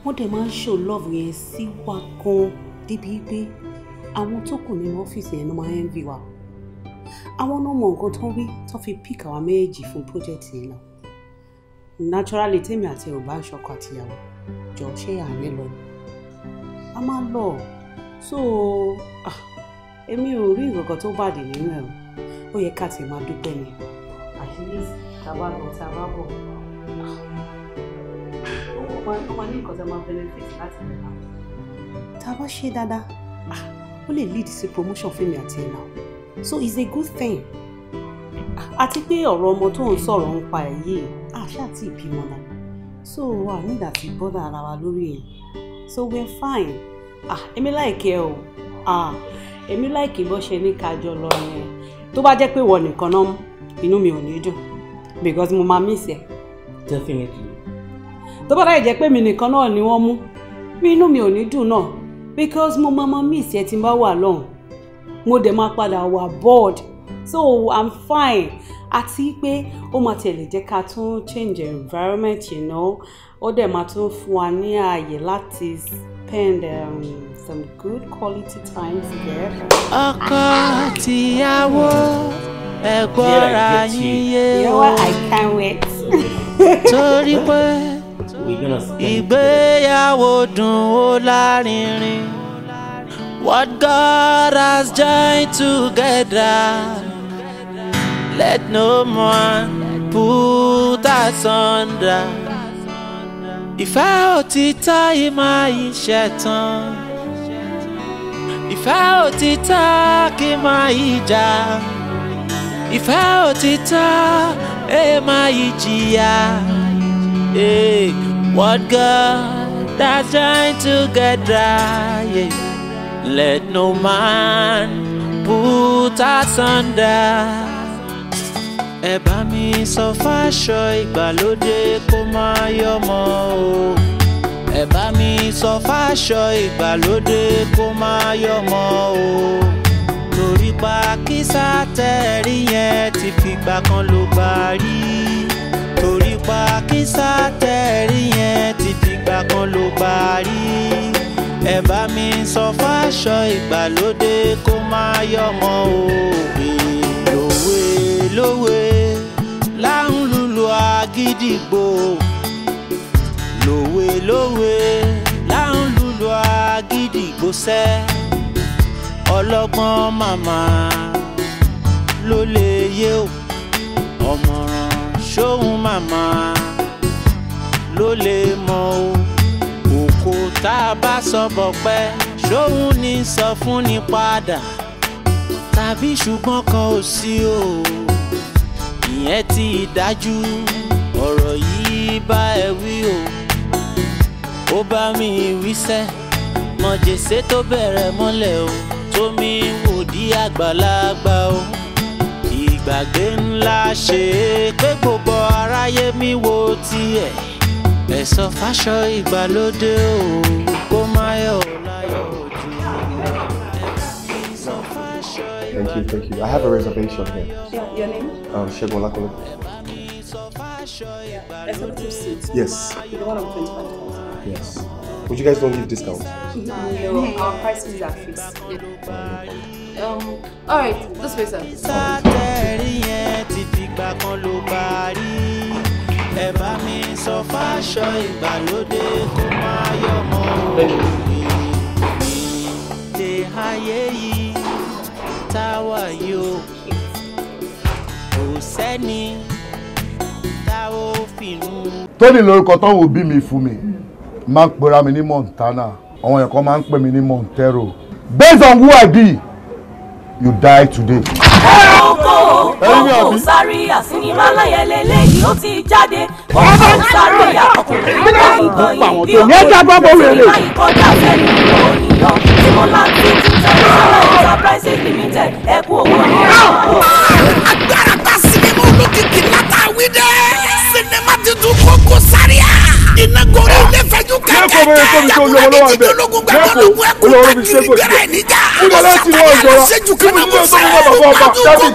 wọ́n dẹ̀ máa ń ṣò love yẹn sí wa gan débi pé àwọn tó kù nínú ọ́fíìsì yẹn ló máa ń envy wa àwọn náà mọ nǹkan tán wí tán fi pick àwa méjèèjì fún project yìí náà naturally tèmi àti ẹ̀ ò bá ṣọkọ àtìyàwó jọ ṣé à ń lè lọ a máa ń lọ so ah, èmi ò rí nǹkan tó bàdé nínú ẹ̀ ó yẹ ká ti máa dúpẹ́ ni àṣírí tàbá bọ̀ tàbá bọ̀ ó máa ní nǹkan tó máa benefit láti rẹ̀ náà. tá a bá ṣe dáadáa ah, ó lè lead sí promotion fún mi àti ẹ̀ náà so it's a good thing àti pé ọ̀rọ̀ ọmọ tó ń sọ̀rọ̀ ń pa ẹ̀ yìí àṣà tí ìbímọ náà so wà nígbà tí bọ́dà ara wa lórí ẹ̀ so we're fine ah èmi láìkẹ́ o ah èmi láìkẹ́ bó ṣe ní kájọ lọ yẹn tó bá jẹ́ pé wọ́n nìkan náà inú mi ò ní dùn because mo máa miss ẹ. definitely. tó bá dáì jẹ́ pé mi nìkan náà ni wọ́n mú inú mi ò ní dùn náà because mo máa máa miss ẹ tí n bá wà lọ́hùn mo dẹ̀ máa padà wà bored so i'm fine àti pé ó máa tẹ̀lé jẹ́ ká tún change environment you know ó dẹ̀ máa tún fún wa ní ààyè láti spend um, some good quality time together. ọkọ tìyàwó ẹgbọ́ra yín yé o [laughs] torí pé ìgbéyàwó dùn ó lárinrin. What God has joined together, let no man put asunder. Ìfẹ́ òtítọ́ ìmọ̀ ìṣẹ̀tàn. Ìfẹ́ if I máa ìjà. Ìfẹ́ òtítọ́ èèmọ̀ ìjìyà. What God has joined together. Yeah. Let no man put us under. Ẹ bá mi sọ fáṣọ ìgbàlódé kó má yọmọ o. Ẹ bá mi sọ fáṣọ ìgbàlódé kó má yọmọ o. Torí pa kísà tẹ̀rí yẹn ti fìgbà kan ló gbà rí. Torí pa kísà tẹ̀rí yẹn ti fìgbà kan ló gbà rí ẹ bá mi sọ fáṣọ ìgbàlódé kó má yọmọ òwe lówe lówe láhùn lùlù àgídìgbò lówe lówe láhùn lùlù àgídìgbò sẹ́ ọlọ́gbọ́n màmá ló lè yé o ọ̀mọ̀ràn ṣóhun màmá ló lè mọ o tá a bá sọ bọ̀pẹ́ ṣóun ní sọ fún ni padà tàbí ṣùgbọ́n kan ò sí o ìyẹn ti dájú ọ̀rọ̀ yìí bá ẹ wí o ó bá mi wíṣẹ́ mọ̀jẹ̀sẹ̀ tó bẹ̀rẹ̀ mọ́lẹ̀ o tómi wòdí àgbàlagbà o ìgbàgbé ńlá ṣe é pé gbogbo aráyé mi wo tiẹ̀. E. ẹ̀sọ́ fáṣọ ìgbàlódé o kó má láyọ̀ ojú. Thank you, thank you. I have a reservation here. Yeah, your name? Um, Segun Lakolo. Yeah, executive seat. Yes. The one on 25,000. Yes. Would you guys don't give discount? No, our prices are fixed. Yeah. Um, alright, this way, sir. ẹ bá mi sọ fáṣọ ìgbàlódé kó má yọmọ òní ilé ayé yìí táwa yóò kò sẹ́ni táwa ó fìnnú. tóní lórúkọ tó wò bí mi fún mi máa ń pera mi ní Montana àwọn èèyàn kan máa ń pè mí ní Montero based on who I be you die today kókó sáré àsinimá láyẹlẹ lẹ́yìn ó ti jáde kókó sáré àkùnrin ìgbọ̀nyìn bí òkú sinimá ìkọjá sẹ́yìn òníyàn tí mo lá ti ti sáré sáré enterprises limited ẹ̀kú owó ní ọ̀hún. agbára ta sinimá olókìkí látàwí dẹ́ sinimá tuntun kókó sáré à iná gòrò ilé fẹjú kẹkẹ jagunlẹ jíjí ológun gbàgbọ́lógún ẹkú pàkiri gbẹrẹ níjà ọ̀sàkàlà àṣejù kan náà mọ̀ sẹ́yìn ọ̀gbọ́n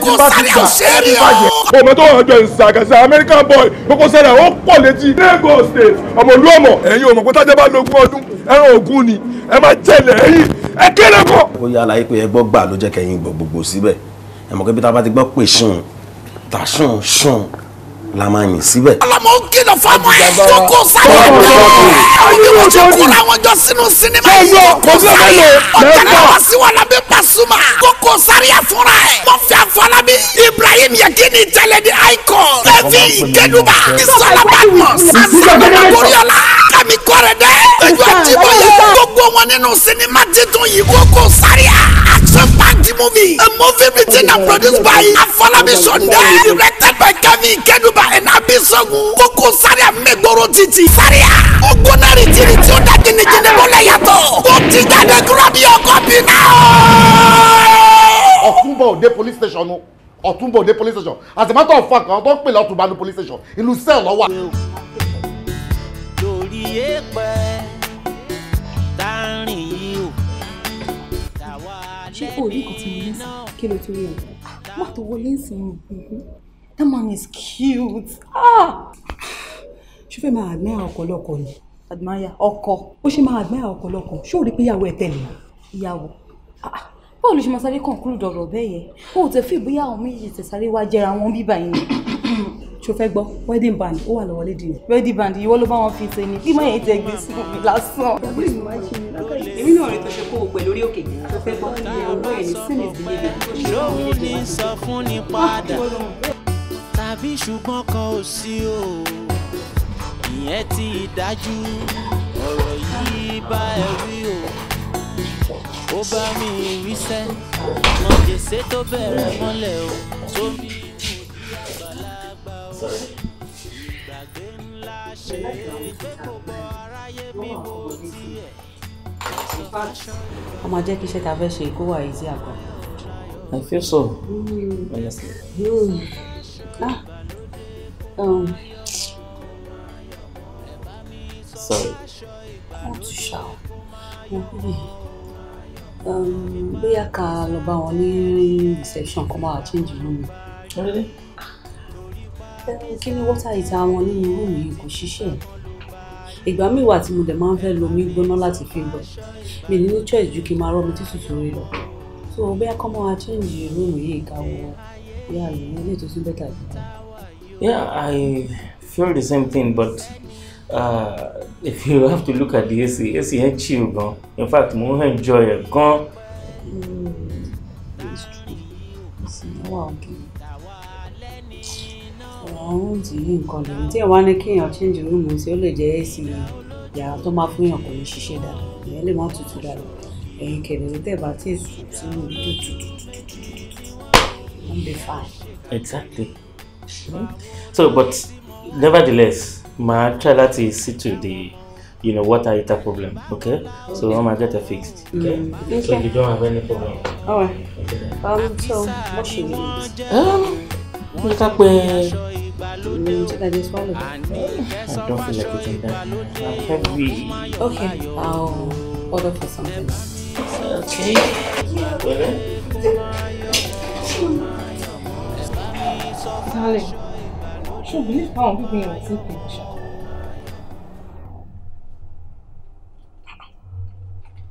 kò sáré ọ̀sẹ́rì ọ̀. ọmọ tó wà jọ ìsàkàsà American boy kókó sẹ́dà ó pọ̀ létí Lagos state ọmọ olú ọmọ ẹ̀yin ò mọ̀ pé tájẹ́ bá lógún ọdún ẹran ògún ni ẹ máa jẹlẹ̀ ẹ̀yìn ẹ kéré kọ́. ó yà láyé pé ẹgbọ́ gbà ló jẹ́ kẹ́yìn gbogbogbò síbẹ̀ ẹ̀mọ́ kẹ́bí tá a bá ti gbọ́ pè sùn tà sùn sùn la máa yìn síbẹ̀. ọlọmọ ń kìlọ̀ fáwọn ẹ̀ jókòó sáyé náà àwọn ìwọ tó kú làwọn jọ sínú sinimá yìí jókòó sáyé ọ̀tẹ̀lẹ̀ wá sí wọn lábẹ́ Pasuma kókó sáríà fúnra ẹ̀ mọ̀fẹ́ àfọlábí Ibrahim Yekini tẹ́lẹ̀ ní icon lẹ́fí ìkẹ́dùbà ìsọ̀lá badmus àṣàbẹ̀rẹ̀ kórìọ́lá kàmí kọ́rẹ̀ dẹ́ ẹ̀jọ̀ àtibọ̀ yẹ gbogbo wọn nínú sinimá titun yìí kókó sáríà movie. A movie written and produced by Afolabi Sunday. Directed by Kevin Keduba and Abisogun. Koko Zaria Megboro Titi. Zaria. Ogunari Tiri tí ó dá jìnnìjìnnì mọ́lẹ̀ yàtọ̀. Ó ti jáde kúrò ní ọkọ̀ bí náà. Ọ̀túnbọ̀ òde police station o. Ọ̀túnbọ̀ òde police station. As a matter of fact, àwọn tó ń pè lọ́tùnbọ̀ ní police station. Ìlú sẹ́ẹ̀ lọ́wọ́. Lórí èèpẹ̀ tá a rìn yìí o. Ṣé o kan? kí ló torí ẹ̀ má tó wọlé nsìn that man is cute ah! ṣé fẹ́ máa admire ọ̀pọ̀lọpọ̀ ni admire ọkọ ó ṣe máa admire ọ̀pọ̀lọpọ̀ ṣé o rí we ìyàwó ẹ̀ tẹ̀lé ìyàwó ah, báwo ló ṣe máa sáré conclude ọ̀rọ̀ bẹ́ẹ̀ yẹn o ò tẹ̀ fi ìbúyàwó méjì tẹ̀ sáré wá jẹra wọn bíbá ṣo fẹ́ gbọ́ wedding band ó wà lọ́wọ́ lédi yẹn wedding band ìwọ ló bá wọn fi ṣe ni bí mọ̀ yẹn ti ẹgbẹ́ sí mi lásán. èmi náà rí tọ́jú kó o pẹ̀ lórí òkè ṣo fẹ́ gbọ́ ìyẹn ọgbọ́n ní sínú ìdílé mi. tàbí ṣùgbọ́n kan ò sí o ìyẹn ti dájú ọ̀rọ̀ yìí bá ẹ wí o ó bá mi rí sẹ́ mọ̀ gbèsè tó bẹ̀rẹ̀ mọ́lẹ̀ o tó mi sorry. a máa jẹ́ kí iṣẹ́ ta fẹ́ ṣe kó wà easy àgbà. I feel so hmm. honestly. Hmm. Ah. Um. sorry. mo ti ṣá o mo bí um, bóyá ká lọ bá wọn ní reception kan máa change room. Really? fẹ́ mú kí ni wọ́tà ìta wọn ní irú mi kò ṣiṣẹ́ ìgbà míì wà tí mo dẹ̀ máa ń fẹ́ lo omi gbóná láti fi wẹ̀ mi ní ní choice ju kí n máa rọ́ mi tí tútù rí lọ so bóyá kọ́ mọ́ wa change room yìí ká wọ bóyá àlùmí ilé tó tún bẹ́tà jùlọ. Yeah, I feel the same thing but uh, [laughs] if you have to look at the AC AC yẹn chill gan in fact mo ń enjoy ẹ̀ gan. it's hmm, true. Wow, okay ọrùn tí nǹkan lè tí ẹ wá ní kéèyàn change room sí ó lè jẹ́ èsì yàrá tó máa fún yàn kò ní ṣiṣẹ́ dáadáa ìyẹn lè má tutù dáadáa ẹ̀yin kẹ̀lẹ́ tẹ̀ bá tí sùn sínú tó tutù wọ́n lè fà. exactly hmm? so but nevertheless màá try láti see the you know water heater problem okay, so wọ́n máa get it fixed hmm. okay? so you don't have any problem. alright okay. um so what should we do. ẹ um, ẹ ká pẹ́. Okay, I'll order for something. Okay. Darling, should believe how I'm people are sleeping.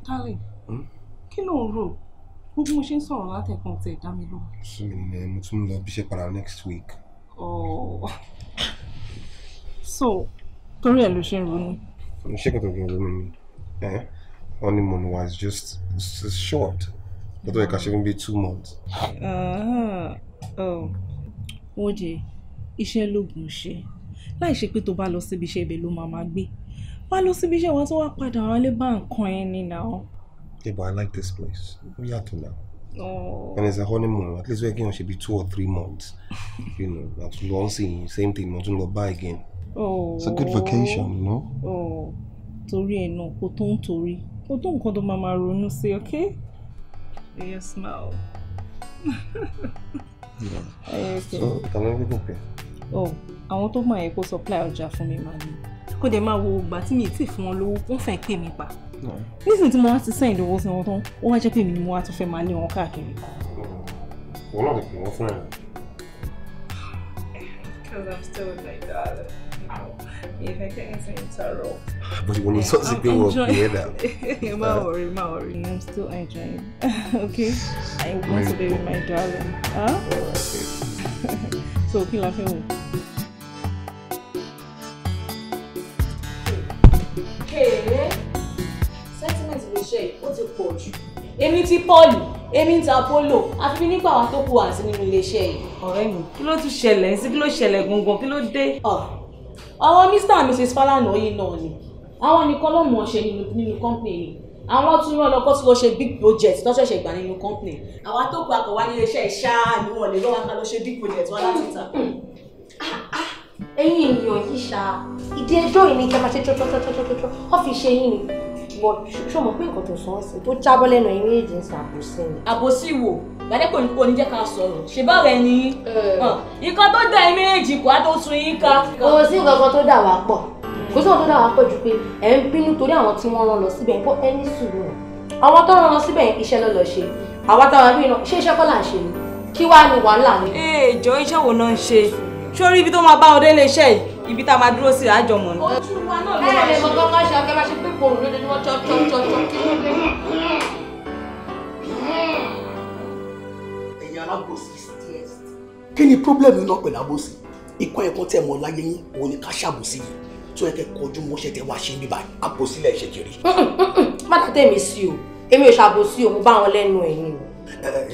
Darling, hmm? kí ló ń rò? Gbogbo mo ṣe ń sọ̀rọ̀ látẹ̀kan tẹ̀ dá mi lóhùn. Kí ni mo tún lọ bí ṣe padà next week? Oh. [laughs] So, torí ẹ̀ ló ṣe ń ronú. Ṣé kò tó kí n ronú mi? Honeymoon was just short. Ó tó yẹ ká ṣe fún two months. Uh-huh. Oh. Wọ́n jẹ iṣẹ́ lóògùn ṣe. Láì ṣe pé tó bá lọ síbi iṣẹ́ ibẹ̀ ló máa máa gbé. Wá lọ síbi iṣẹ́ wa tó wá padà wálé bá nǹkan ẹni náà. Yeah, but I like this place. Ó yàtọ̀ náà. Oh. And it's a honeymoon. At least we're going to be two or three months. you know, not at launching, same thing, not to buy again. Oh. It's a good vacation, you know? Oh. Tori, ẹ̀ náà, kò tó ń torí. Mama tó Say tó máa máa okay? Your smile. [laughs] yeah. Okay. So, ta ló ń gbé pè? Oh, àwọn tó mọ̀ ẹ̀ supply of fún mi máa ní. Kó dẹ̀ máa wo ìgbà tí mi ì tí fún wọn lówó, nísìnyí tí mo wá ti sẹ́yìn lówó sí wọn tán ó wá because i'm still with my dad if i get into role, but you want to sí pé wọn ò pè é dà. má uh. worry má worry i'm still enjoying [laughs] okay i want to be with my darling. Huh? [laughs] so kí la fẹ́ wò. ṣe ó ti pọ̀ jù èmi ti pọ́ọ̀lù èmi ń ta polo àfi nípa àwa tó kù wá sí nínú iléeṣẹ́ yìí. ọ̀rẹ́ mi kí ló tún ṣẹlẹ̀ sí kí ló ṣẹlẹ̀ gangan kí ló dé. ọ̀rọ̀ mr and mrs falana yìí náà ni àwọn nìkan ló mọ̀ ọ́ ṣe nínú company yìí àwọn tún rán lọ kó tún lọ ṣe big project tó ṣẹ̀ṣẹ̀ gbà nínú company. àwa tó kù akọ̀wá ní iléeṣẹ́ ìṣáá ni lọ́wọ́ ká lọ ṣe big project wọn láti ta. ẹ̀yin èèyàn yìí ṣá ìdí ẹjọ́ yìí ni kí a máa ṣe tọ́tọ́tọ́tọ́tọ́ ọ́fíìsì yìí ni but ṣó mọ̀ pé nǹkan tó sọ ọ́ sí tó jábọ́ lẹ́nu ẹ̀yìn méjèèjì ń àbòsí ni. àbòsí wo gbàdẹ́ ní kò ní jẹ́ ká sọ̀rọ̀ ṣe bá rẹ̀ ni eh. nǹkan tó dá ẹ̀yìn méjèèjì kó á tó tún yín ká. kò sí nǹkan kan tó dà wá pọ̀ kò sí nǹkan tó dà wá pọ̀ ju pé ẹ̀ ń bínú torí àwọn tí wọ́n rán lọ síbẹ̀ ń kó ẹni sùúrù àwọn tó rán lọ síbẹ̀ iṣẹ́ ló lọ ṣe àwa táwa bí iná ṣé iṣẹ́ kọ́ là ń ṣe ni kí wàá ní wàhálà ni. ẹ eh, ìjọ iṣẹ́ wo ló ń ṣe sórí ibi tá a máa dúró sí àjọ mọ̀ ní. ojú wa náà ló máa ṣe. ẹ ẹ mọ kankan ṣe ọkẹ máa ṣe pé kòrò lóde ni wọn chọ chọ chọ chọ. ẹ̀yin alábòsí stairs. kí ni pírọ́blẹ̀mù náà pẹ̀lú àbòsí ikọ́ ẹ̀kọ́ tẹ̀ mọ́ láyé yín òun ni ká ṣàbòsí yìí tó yẹ kẹ́ kọjú mọ́ṣẹ́ tẹ wá ṣe ní báyìí àbòsílẹ̀ ṣe kiri. Mm, mm, mm, má dàtẹ́ mi sí o èmi ò ṣàbòsí o mo o.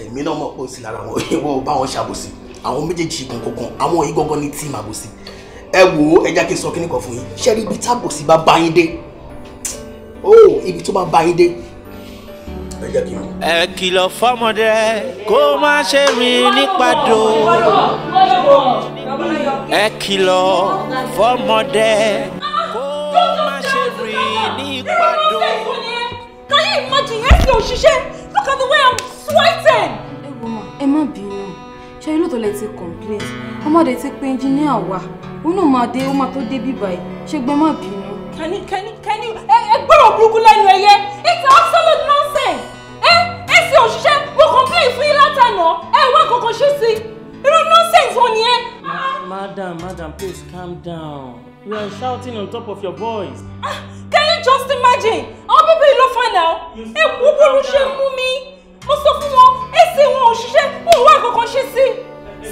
èmi náà mọ̀ pé ó sì lára wọn ìwọ [laughs] ò bá ẹ wò ó ẹja kí n sọ kíní kan fún yín ṣé rí ibi tábòsí bá bá yín dé ó ibi tó bá bá yín dé ẹja kí n. ẹ kìlọ̀ fọ́mọdé kó má ṣe rìn nípàdó ẹ kìlọ̀ fọ́mọdé kó má ṣe rìn nípàdó. Can you imagine ẹ̀sìn òṣìṣẹ́ look at the way I'm sweating. ẹ wò ó ẹ má bínú ṣe ilé ìtọ́lẹ̀ ti complain ọmọdé ti pé engineer wa òun máa dé ó máa tó dé bíbá ẹ̀ ṣùgbọ́n má bínú. kẹ́ni kẹ́ni kẹ́ni ẹ gbọ́dọ̀ burúkú lẹ́nu ẹ̀yẹ it's absolute nonsense ẹ ẹ sì òṣìṣẹ́ mo complain fún yín látànà ẹ wá kankan ṣe sí irú nonsense wo nìyẹn. madam madam please calm down you are shouting on top of your voice. Ah, can you just imagine àwọn bíbí ló fà náà ẹ kú burú ṣe mú mi mo sọ fún wọn ẹ sì wọn òṣìṣẹ́ mo wá kankan ṣe sí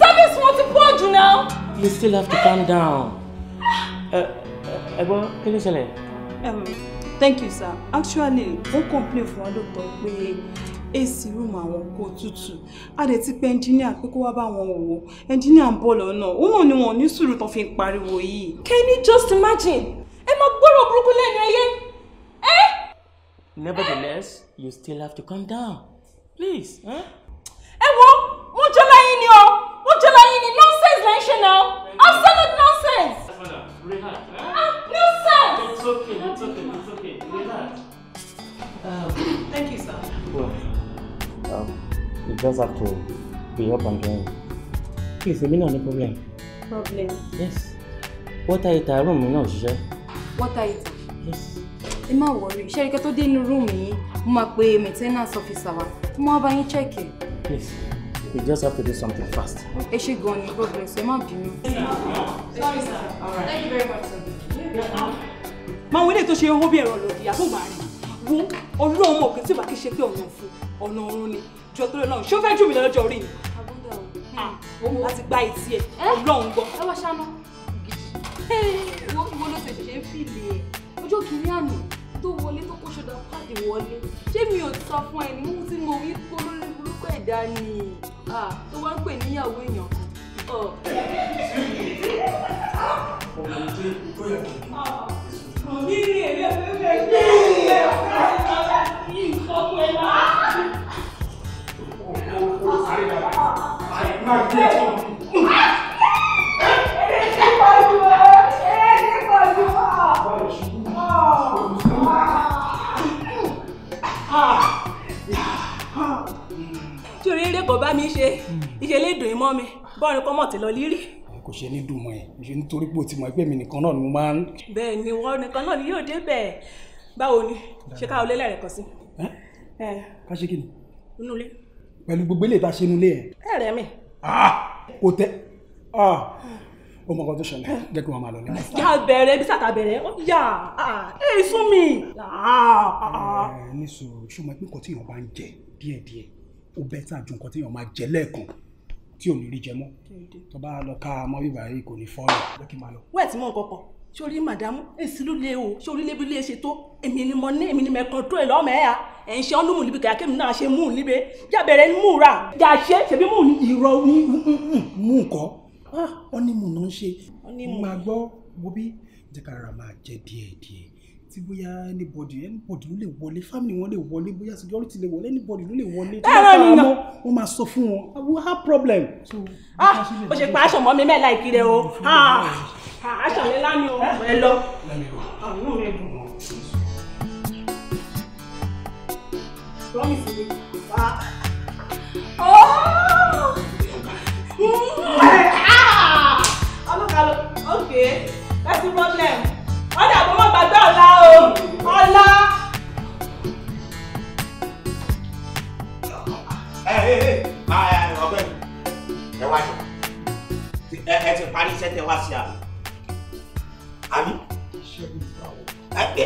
service wọn ti pọ̀ jù náà. You still have to calm down. Can you say? Um, Thank you, sir. Actually, wọ́n complain for wọn lóòótọ́ pé AC room àwọn kò tutù. A dẹ̀ ti pe ẹnjíníà pé kó wá bá wọn wò. Ẹnjíníà ń bọ̀ lọ́nà. Ó mọ̀ ni wọn ò ní sùúrù tán fi ń pariwo Can you just imagine? Ẹ máa gbọ́rọ̀ burúkú lẹ́nu ẹyẹ. Nevertheless, you still have to calm down. Please. Ẹ wo, wọ́n jọ láyé ni o, wọ́n jọ láyé ni náà mention now. Absolute nonsense. Relax. Ah, nonsense. It's okay. It's okay. It's okay. Relax. Um, thank you, sir. Well, um, you just have to be up and going. Please, èmi náà any problem. Problem? Yes. What Water heater room mi náà ṣiṣẹ́. Water heater? Yes. not Ẹ má wọrí, ṣẹ́ríkẹ́ tó dé inú rúùmù yìí, mo máa pe maintenance officer wa, mo máa bá yín check it. Please. We just have to do something fast. Ẹ ṣe gan God bless ẹ má bínú. Sorry sir. All right. Thank you very much sir. Máa wọlé tó ṣe owó bí ẹ̀rọ lòdì àbó màá rí. Wo ọlọ́run ọmọ òkè tí bàkí ṣe pé ọ̀nà fún ọ̀nà ọ̀run ni. Jọ tó lè lọ́run. Ṣé ó fẹ́ jù mí lọ́jọ́ orí ni? Àbúdà o. Ah, láti gba ìtì ẹ̀. Ọlọ́run gbọ́. Ẹ wá ṣáná. Wo ló ṣe ṣe fìlè ẹ̀? Ọjọ́ kìíní àná tó wọlé tó kó ṣọdọ̀ pàdé wọlé. Ṣé mi ò sọ fún ẹ ní mú tí mo rí kó lórí ọkọ ẹ̀dá ni tó wá ń pè níyàwó èèyàn. ọmọ tí tó yẹ kí ní èrè fẹ́fẹ́ gbé ilé ọ̀gá ìjọba sí ìfọ́pẹ́ náà. ó sáré dára àyè máa gbé ẹ̀kọ́ mi. Ah! ah nítorí eré kò bá mi ṣe ìṣẹ̀lẹ̀ ìdùn ìmọ mi bọ́ọ̀ni kọ́ mọ̀ tí lọ lírí. kò ṣe ní dùn ẹ ṣe nítorí pé o ti mọ̀ pé mi nìkan náà ni mo máa ń. bẹ́ẹ̀ ni wọn nìkan náà ni yóò dé bẹ́ẹ̀ báwo ni ṣé ká olé lẹ́rẹ̀ẹ́ kan sí. ká ṣe kí ni. inú ilé. pẹ̀lú gbogbo ilé ìtaṣe inú ilé ẹ̀. ẹ rẹ mi. Ah! kò tẹ ah! ó mọ nǹkan tó ṣẹlẹ̀ jẹ́ kí wọ́n máa lọ nílé. yà á bẹ̀rẹ̀ bí sàtà bẹ̀rẹ̀ ó yà á ẹ̀ ah! sún mi. ní sùúrù ṣùgbọ́n pé nǹkan tí èèyàn bá ń jẹ díẹ̀díẹ̀ ó bẹ́tà ju nǹkan téèyàn máa jẹ lẹ́ẹ̀kan tí ò ní rí jẹ mọ́ tó bá lọ ká mọ́ bíbá yìí kò ní fọ́ọ̀lù ló kí n máa lọ. wẹ́ẹ̀ tí mò ń kọ́kọ́ sórí màdàmú èsì ló lé o sórí lébi lé ṣe tó èmi ni mo ní èmi ni mo kàn tó ẹ lọ́mọ ẹ̀ ya ẹ̀ ń ṣe ọ́n lùmùlù bìkà kémi náà ṣe múù níbẹ̀ jábẹ̀rẹ̀ mm, mm, mm, ah, ní múù rà já ṣe ṣèbí múù ní ìrọ̀ ní múù kọ́ ọ́ ní múù náà ń ṣe máa wo bí jẹ́ ká rà máa jẹ díẹ̀díẹ̀ tí bóyá anybody anybody ló lè wọlé family wọn lè wọlé bóyá security lè wọlé anybody ló lè wọlé. ẹ ràn mí nà wọn máa sọ fún wọn ah, we have problem. ah o ṣe pa aṣọ mọ mi mẹ́ẹ̀lá ìkiri o ah, ah, aṣọ mi lámì o ẹ lọ. àwọn mi dùn wọn. promise me oh! hmm. kò okay that's the problem ọ̀dà kó má gbàgbé ọ̀la o ọ̀la. ọ̀gbẹ́ni ẹ wá ṣe ẹ ti parí iṣẹ́ tẹ wá sí àná àbí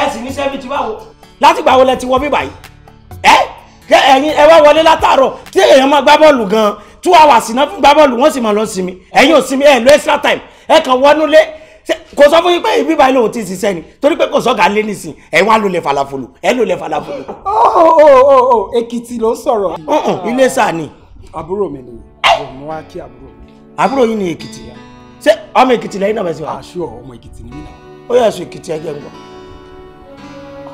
ẹ sì ní sẹ́mi tí báwo. láti gbà wo lẹ ti wọ bí báyìí ẹ ẹ̀yin ẹ wá wọlé látàárọ̀ tí èèyàn máa gbá bọ́ọ̀lù gan-an two hours náà fún gbá bọ́ọ̀lù wọ́n sì máa lọ sinmi ẹ̀yin ò sinmi ẹ̀ lọ extra time ẹ kàn wọnú lé kò sọ fún yín pé ibi báyìí lòun ti ṣiṣẹ́ ni torí pé kò sọ́gà lé nísìn ẹ̀ wá ló lè falafolo ẹ̀ ló lè falafolo. èkìtì ló ń sọ̀rọ̀. ilé sà ni. àbúrò mi ni mo wá kí àbúrò mi. àbúrò yín ni èkìtì ṣé ọmọ èkìtì lẹ́yìn náà bẹ sí wa. àṣù ọmọ èkìtì ni mí náà. ó yẹ ẹ̀sùn èkìtì ẹgbẹ́ ń bọ̀.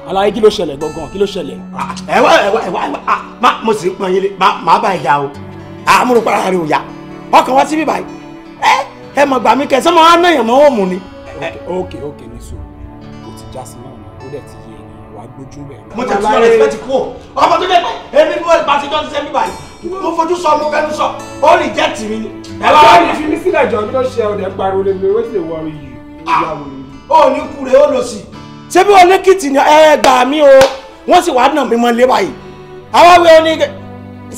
aláyé kí ló ṣẹlẹ̀ gangan kí ló ṣẹlẹ̀. Ah, ẹ wá ẹ wá ẹ wá ah, mo sì ń pọn yín lé màá bá ẹ jà o àmúrò ah, pàrọ̀ rẹ̀ ò yá ọkàn wá síbí báyìí eh, ẹ mọ̀ gbà mí kẹsẹ́ mọ̀ á náyàn mọ́ òmù ni. ok ok ní so o ti já sí náà ó dẹ̀ ti yé ẹni wàá gbójú rẹ̀. mo jà sí ọ̀rẹ́ ìfẹ́ ti kú o ọmọ tó dé pé èmi bí wọ́n bá ti jọ́ ṣiṣẹ́ bíbá yìí mo fojú sọ mo fẹ́nu sọ ó rì jẹ́ tì mí ni. ẹ wá wá ní fi mí sílẹ̀ jọ ọdún ṣe ọ̀dẹ̀ pariwo lè mi wọ́n ti wọ iyì ìyàwó yìí. Ah! ó ní kúre ó lọ sí. ṣé bí wọn lẹ́kìtì ni ẹ gbà mí o wọ́n sì wá nà mí mọ́ báyìí. àwa oní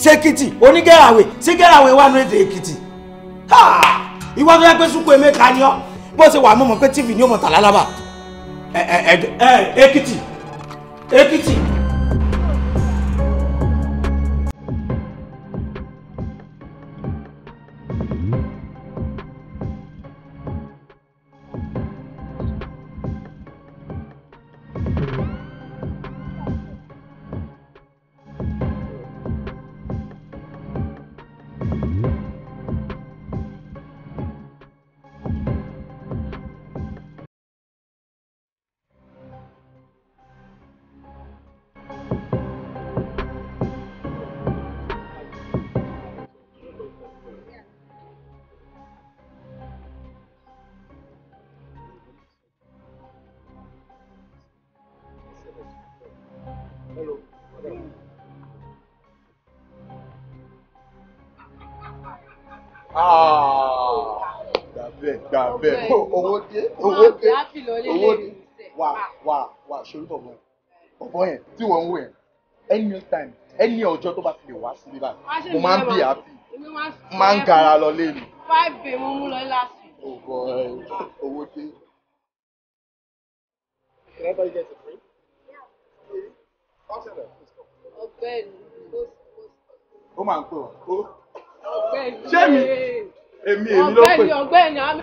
ṣèkìtì oní sí gẹ́ràwé wà ní èdè èkìtì. háà ìwọ tó yẹ pé sùkú emeka ni ọ bó ṣe wà mọ̀ mọ̀ pé tv ni ó mọ̀ tà lálábà ẹ ẹ ẹ èkìtì èkìtì. bẹ́ẹ̀ oh, owó dé owó dé owó dé ah. wà wà wà sórí bọ̀bọ̀ yẹn bọ̀bọ̀ yẹn tí wọ́n ń wò any time any ọjọ́ tó bá fi lè wá sí mi báyìí mo máa ń bí happy máa ń gara lọ lé five bay mo mú lọ last week. ògbọ́n oh, owó dé. Can everybody get it free? Yeah. Free? Outside of this Ọ̀gbẹ́ni. Ó máa ń pè wá. Ọ̀gbẹ́ni. Ṣé mi? Èmi èmi ló pè. Ọ̀gbẹ́ni ọ̀gbẹ́ni.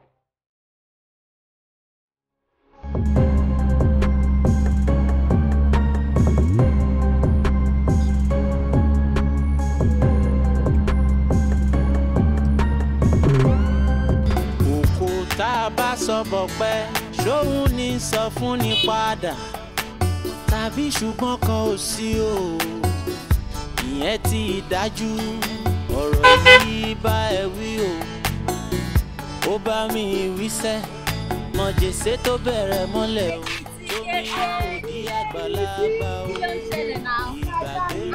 bọ̀pẹ́ ṣóun ní sọ fún ni padà tàbí ṣùgbọ́n kan ò sí o ìyẹn ti dájú ọ̀rọ̀ yìí bá ẹ wí o ó bá mi wíṣẹ́ mọ jèsè tó bẹ̀rẹ̀ mọ́lẹ̀ o tómi òdì àgbàlagbà o ìgbàgbé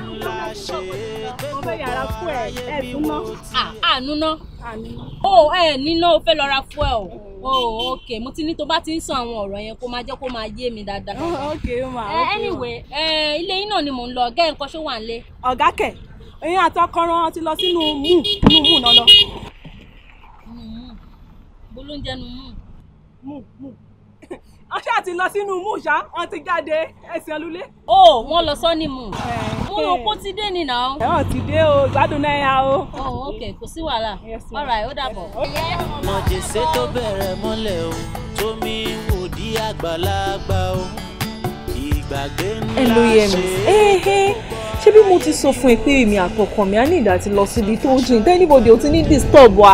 ńlá ṣe pé kò bá ayé bí wọ́n ti. àánú ná o ẹ níná o fẹ́ lọ ra fún ẹ o oh ok mo ti ní tó bá ti ń sọ àwọn ọ̀rọ̀ yẹn kó máa jẹ́ kó máa yé mi dáadáa. Oh, ok ma eh, ok ma anyway eh, ilé yín náà ni mò ń lọ ọ̀gá ẹ̀ nǹkan ṣó wà lé. ọ̀gá kẹ̀ eyín àtọkọ́rọ́ ti lọ sínú mú inú mú náà lọ. mú mú bolóúnjẹ nu mú. mú mú wọ́n ṣáà ti lọ sínú mú ṣá wọ́n ti jáde ẹsẹ̀ olúlé. o wọn lọ sọ́ni mu mú un eh, eh. kó ti dé nìyà o. ẹ̀wọ̀n ti dé o ìgbádùn náà yà o. o ok kò sí wàhálà ọ̀rọ̀ ẹ̀ ó dàbọ̀. mọ̀jẹ̀sẹ̀ tó bẹ̀rẹ̀ mọ́lẹ̀ o tómi wò di àgbàlagbà o ìgbàgbé ńlá ṣe é eh, ṣé bí mo ti sọ fún ẹ pé èmi àtọkọ mi á ní ìdá ti lọ síbi tó jìn tẹ́nibọ̀dì ò ti ní disturb wa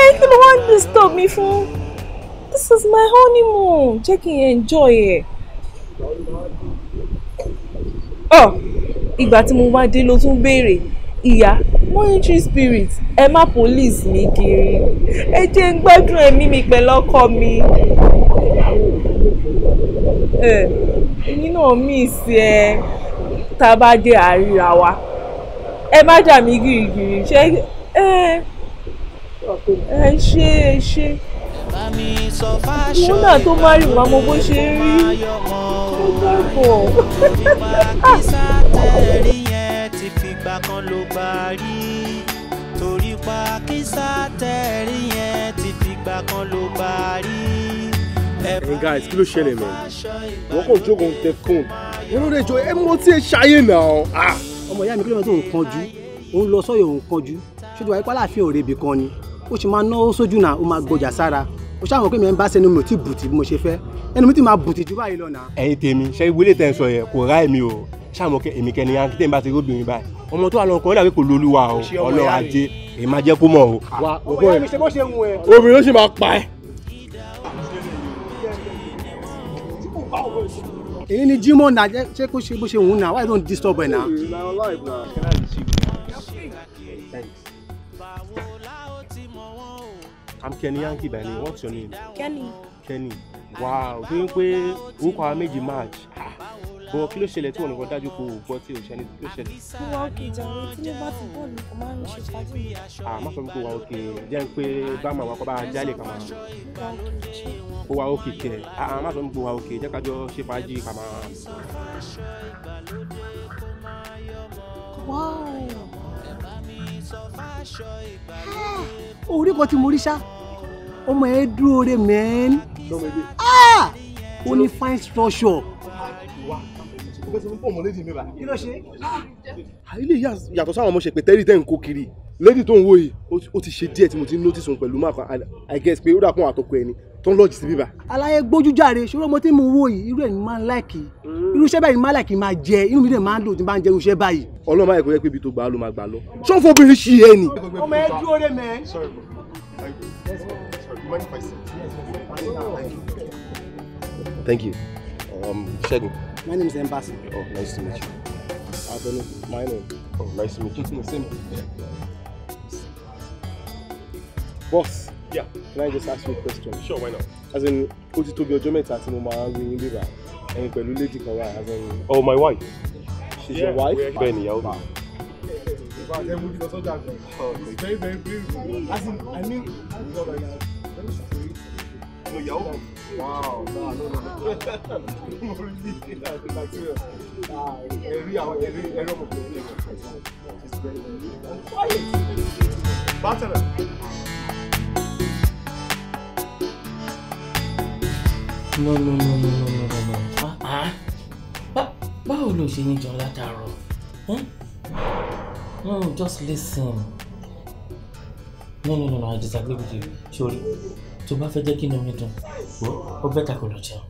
ẹ kí ló wá disturb mi fún this is my honeymoon jẹ́ kí enjoy it. Oh, ìgbà tí mo wá dé ló tún béèrè ìyá monetary spirit ẹ má police mi kiri ẹ jẹ́ ń gbádùn ẹ̀mí mi pẹ̀lú ọkọ mi. Eh, ẹ̀yin náà Miss, sí ẹ tá a bá dé àríra wa ẹ má jà mí gìrìgìrì ṣé ẹ ẹ ṣe ẹ ṣe ìwọ náà tó má rí màmú bó ṣe rí ó dàbọ̀. torí pàkísà guys kí ló ṣẹlẹ̀ mọ́ wọ́n kò jókòó ń tẹ fóònù wọ́n ló dé jọ ẹ mọ́ tí ẹ ṣayé náà. Ah! ọmọ ìyá mi kí ló máa tó nǹkan jù òun lọ sọ́yọ̀ nǹkan jù ṣojú àyípa láàfin òrebì kan ni ó sì máa náwó sójú náà ó máa gbọjà sára o ṣáà mọ̀ pé mi ń bá sẹ́nu mi ò tí bùtì mo ṣe fẹ́ ẹnu mi ti máa bùtì ju báyìí lọ náà. tèmi ṣe ìwé lè tẹ̀ sọ yẹ kò rá èmi o ṣáà mọ̀ èmi kẹ́ni yankí tẹ̀ ń bá ti róbìnrin báyìí ọmọ tó wà lọ́kọ̀ ó dàbí kò lóluwa o ọlọ́ ajé èyí máa jẹ́ kó mọ̀ o. obìnrin ló ṣe máa pa ẹ́. èyí ni Jimoh náà ṣé kó ṣe bó ṣe wù ú náà why don't disturb ẹ̀ náà. I'm Kenny Yankee by name. What's your name? Kenny. Kenny. Wow, tó yín pé orúkọ àwọn méjì match. Ah, Bọ̀ kí ló ṣẹlẹ̀ tí wọ́n nìkan dájú kó o gbọ́ tí o ṣẹlẹ̀ kí ló ṣẹlẹ̀? Mo wá òkè jàre tí mo bá ti bọ́ọ̀lù kò máa ń ṣe pàdé. À ah, má sọ pé wà òkè jẹ́ ń pé bá màá wá kọ́ bá jálè kà máa. Ó wà òkè kẹ̀. À ah, má sọ pé wà òkè jẹ́ kájọ ṣe fàájì kà máa. Wow orí kan tí mo rí ṣá ọmọ ẹ dúró re mẹ́ẹ́n ah! ó ní fine structure. Ah, ilé yàtọ̀ sáwọn ọmọ ṣèpè tẹ́rì tẹ́ ń kó kiri lady tó ń wo yìí ó ti ṣe díẹ̀ tí mo ti notice òun pẹ̀lú map i guess pé ó dà pọ̀ àtọkọ ẹni tó ń lọ́ọ̀jì sí bíbá. aláyé gbójújàre ṣòro mo ti mú owó yìí irú ẹ̀ ni máa ń láìkì mm. irú iṣẹ́ báyìí ni máa láìkì máa jẹ inú mi dẹ̀ máa ń dùn tí n bá ń jẹ irú iṣẹ́ báyìí. ọlọ́mọ ayẹ̀kọ́ yẹ pé ibi tó gbà á ló máa gbà lọ. ṣé ń fọbìnrin ṣì yẹ ni. ọmọ ẹ dúró dé mẹ́. thank you um, Ṣẹ́gun. my name is Embassy. oh nice to meet you. abẹnú my name. oh nice to meet you. same. Yeah. Boss. Yeah. Can I just ask you a question? Sure, why not? As in, ó ti tóbi ọjọ́ mẹ́ta tí mo máa ń rí yín bíbá ẹ̀yin pẹ̀lú lady kan wá as in. Oh, my wife. She's yeah, your wife? Bẹ́ẹ̀ ni ìyàwó mi. It's very, very beautiful. As in, I mean, ìyàwó mi. Wow, no, no, no. Mo rí ní Nàìjíríà. Ẹ̀rí àwọn ẹ̀rí ẹ̀rọ kòkòrò ní ẹ̀kọ́. Bátẹ̀rẹ̀. no no no no no no no no báwo ló ṣe ní jọlá dàrọ no just listen no no no no i disagree with you sorry tó bá fẹ́ jẹ́ kí inú mi dùn ó bẹ́tà kò lọ jẹun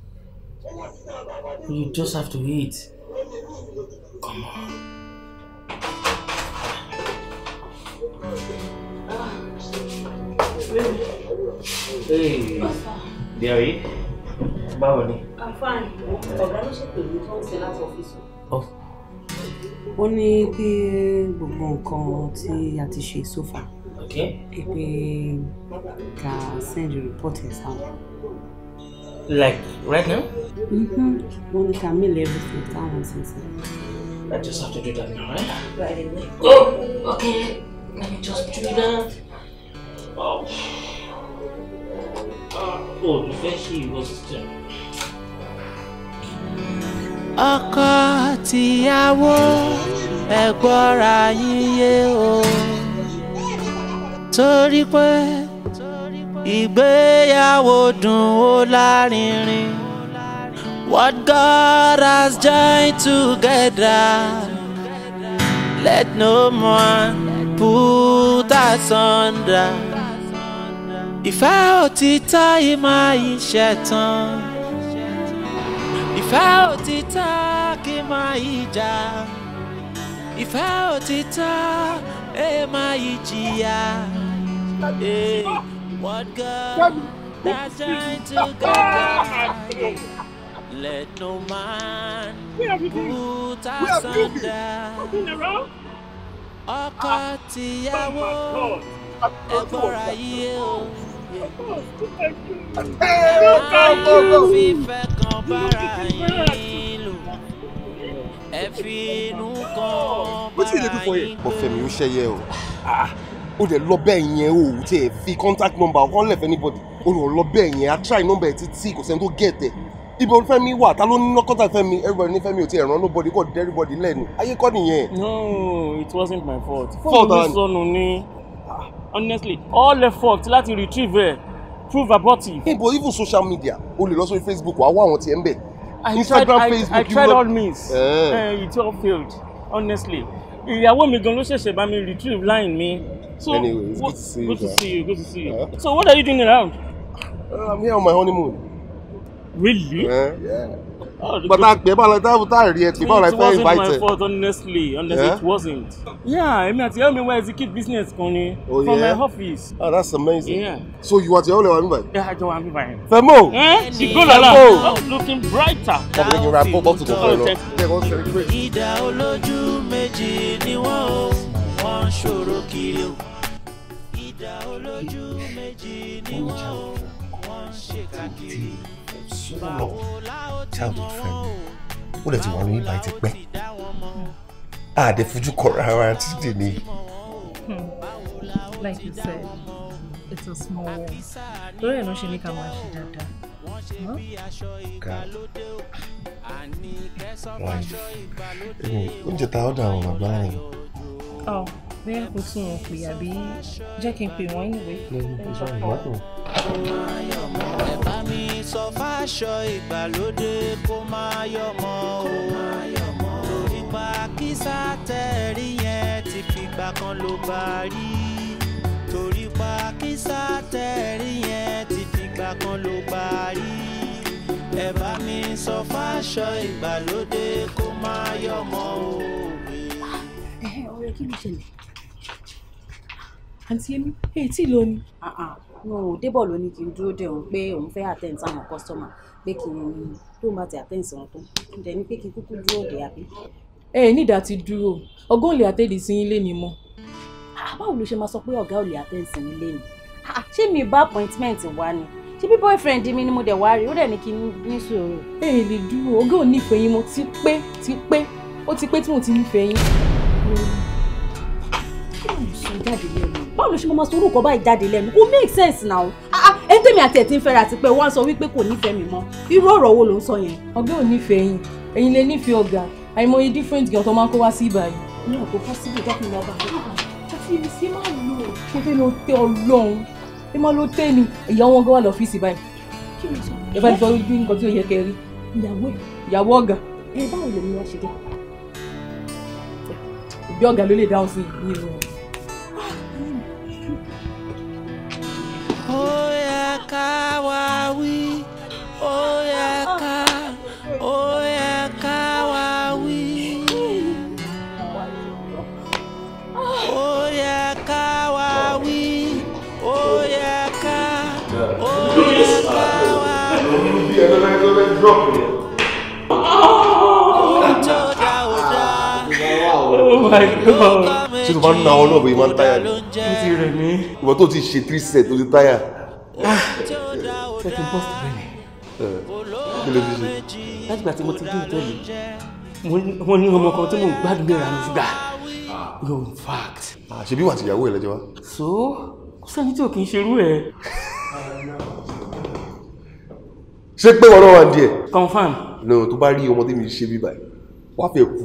you just have to eat come on. Hey, Debbie báwo ni. àǹfààní ọ̀gá ló ṣètò èyí tó ń ṣe láti ọ́fíìsì. ó ní pé gbogbo nǹkan tí a ti ṣe so far pé ká send the report ẹ̀ sáwọn. like right now. wọ́n mm-hmm. ní ká mail everything down ti ń sọ. I just have to do that now, right? Right away. Oh, okay. Let me just do that. Oh. Ah, oh, the fish he was still ọkọ tìyàwó ẹ gbọ́ra yín yé o torí pé ìgbéyàwó dùn ó lárinrin what God has joined together let no man put asunder ìfẹ́ òtítọ́ ìmọ̀ ìṣẹ̀tàn ìfẹ́ òtítọ́ kì máa yí jà ìfẹ́ òtítọ́ ẹ máa yí jìyà. What God has done to God, let no man put asunder. Ọkọ tìyàwó ẹ bọ́ra yìí o ọ̀rọ̀ you kan bára yín lò ẹ fi inú kan bára yín lò. Fẹ́mi ó ṣẹyẹ o ah, ó lọ bẹ́ẹ̀ yẹn o ò tiẹ̀ fi contact number ọ̀kan lẹ̀ fẹ́ anybody ó lọ lọ bẹ́ẹ̀ yẹn a try number ẹ̀ títí kò sẹ́ni tó get ẹ̀ ibo Fẹ́mi wà ta ló ní contact Fẹ́mi everybody ní Fẹ́mi ò tiẹ̀ ràn nobody kò dé everybody lẹ́nu ayé kọ́ nìyẹn. no it wasn't my fault. fault and sọnù ni honestly all effort láti retrieve ẹ̀ prove abortive. Hey, but even social media o lè lọ sórí Facebook wàá wá àwọn tiẹ̀ ń bẹ̀. Instagram tried, I, I tried all means yeah. uh, eh, it all failed honestly ìyàwó mi gan ló ṣẹ̀ṣẹ̀ bá mi retrieve line mi. So, anyway good to see you. Good to see you. Good to see you. Yeah. So what are you doing around? Uh, I'm here on my honeymoon. Really? Eh, yeah. yeah bàtà pé báwo la táwọn táà rí ẹ pé báwo la fẹ́ invite it wasn't my fault honestly honestly yeah? it wasn't. yeah I èmi àti ẹ̀rọ mi wá execute business kan oh from yeah my office. oh that's amazing. Yeah. so you àti ẹ̀rọ lè wà mí báyìí. ẹ àjọ wà mí báyìí. Fẹ́mi. she go lala looking brighter. Bring yẹn ra bọ́ọ̀bù tó kọ́ lọ. ìdá olójú méjì ni wọ́n ò wọ́n ṣòro kiri o. ìdá olójú méjì ni wọ́n ò wọ́n ṣe káàkiri. báwo la child friend mi ó lè ti wà lóyún báyìí ti pẹ́ àdé fojú kọra ara títì ni. Hmm. like you said it's a small world lórí ẹ̀ ló ṣe ní ká máa ṣe dáadáa. wáyé oúnjẹ ta ọ́dà àwọn àgbà yẹn ọ oh, bẹ́ẹ̀ kò tún wọn pè àbí jẹ́ kí n pè wọ́n ìwé. ẹ mi sọ fáṣọ ìgbàlódé kó máa yọmọ o lórí kísà tẹ́ẹ̀rí yẹn ti fìgbà kan ló bá rí torí pa kísà tẹ́ẹ̀rí yẹn ti fìgbà kan ló bá rí ẹ mi sọ fáṣọ ìgbàlódé kó máa yọmọ o ọ̀rẹ́ kí ló ṣẹlẹ̀? àǹtí èmi èyí tí ló ní. no débọ̀ ló ní kí n dúró dè òun pé òun fẹ́ attend sáwọn kọ́sọ́mà pé kí n tó máa ti attend sí wọn tó n dẹ̀ ní pé kí n kúkú dúró dè àbí. ẹ ẹ nídàá ti dúró ọgọ́ ò lè àtẹ́ẹ̀dì sí ilé ni mo. báwo ló ṣe máa sọ pé ọ̀gá ò lè attend ilé ni ah, ṣé mi bá appointment wá ni ṣé bí boyfriend mi ni mo dẹ̀ wá rí ó dẹ̀ ní kí n ní sùúrù. ẹ ẹ lè dúró ọgọ́ ò nífẹ̀ẹ́ yín mo ti pé ti pé ó ti pé tí mo ti nífẹ̀ẹ́ yín kí ló báwo ló ṣe máa sọ orúkọ báyìí jáde lẹ́nu kò make sense now ah, ah ẹni tèmi àti ẹ̀ ti ń fẹ́ra àti pé wọ́n á sọ wípé kò nífẹ̀ẹ́ mi mọ́ irú ọ̀rọ̀ wo ló ń sọ yẹn. ọ̀gá ò nífẹ̀ẹ́ yín ẹ̀yin lè nífẹ̀ẹ́ ọ̀gá àìmọye different girl tó máa ń kó wá sí ìbàyìí. ní ọ̀pọ̀ fásitì dọ́kun lọ́ba àti ìrísí máa lò ó. ṣé fẹ́ ló tẹ ọlọ́run ẹ máa ló tẹ ni ìyá wọn gan wà lọ́fíìsì báyìí. kí ló sọ. ẹ bá ti sọ ojú nǹkan ó yẹ ká wá wí ó yẹ ká ó yẹ ká wá wí ó yẹ Oh my god ṣé tó máa ń na ọ náà bóyá máa ń táyà ni. mo ti rẹ̀ mí. ìwọ tó ti ṣe three set tó ti táyà. Ah, ṣé kí n bọ́ sí bẹ́ẹ̀ ni. kí ló fi ṣe. láti gbà tí mo ti dé ìtẹ́lẹ̀ mo ní ọmọ kan tí mo gbádùn mẹ́ra mi fúgbà. no in fact. Ah, ṣebí wà tìyàwó ẹ lẹ́jọ́ wa. so kò sẹ́ni tí ò kì í ṣerú ẹ̀. ṣé pé wọn náà wà díẹ̀. confam. no tó bá rí ọmọ tí mi ṣe bí báyìí wàá fẹ́ kú.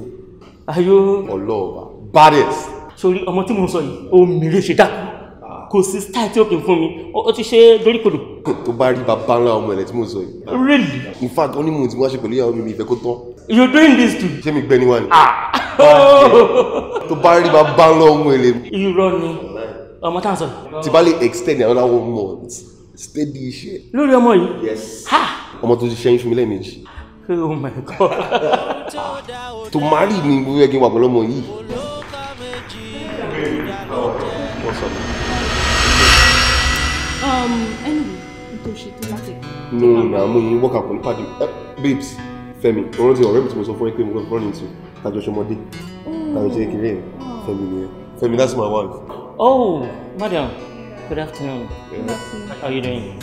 ayo. ọlọ́ọ̀ba baddest sórí ọmọ tí mo sọ yìí ó mèrè ṣe dákú kò sí style tí ó kì í fún mi ó ti ṣe dóríkodò. tó bá rí bàbá ńlá ọmọ ẹ̀lẹ́ tí mo sọ yìí. really. in fact ó ní mo ti wá ṣe pẹ̀lú ìyàwó mi mi ìfẹ́ kó tán. you doing this too. ṣé mi gbẹ́ni wá ni. Ah! tó bá rí bàbá ńlá ọmọ ẹ̀lẹ́. irọ́ ni ọmọ tá à ń sọ yìí. ti bá lè extend another one month steady iṣẹ́. lórí ọmọ yìí. yes. ọmọ tó ti ṣẹ́yìn fún mi lẹ́ẹ̀mejì. oh my god. [laughs] tó má rí ni mo fẹ́ kí n wà pẹ̀lú ọmọ yìí. no na mo yin work àpò nípàdé eh, babes Fẹ́mi òun ti ọ̀rẹ́ mi tí mo sọ fún ẹ pé mo fẹ́ run into tàjọ ṣọmọdé tàjọ ṣe kékeré Femi, Fẹ́mi nìyẹn Fẹ́mi that's my wife. oh madam good afternoon yeah. how are you doing.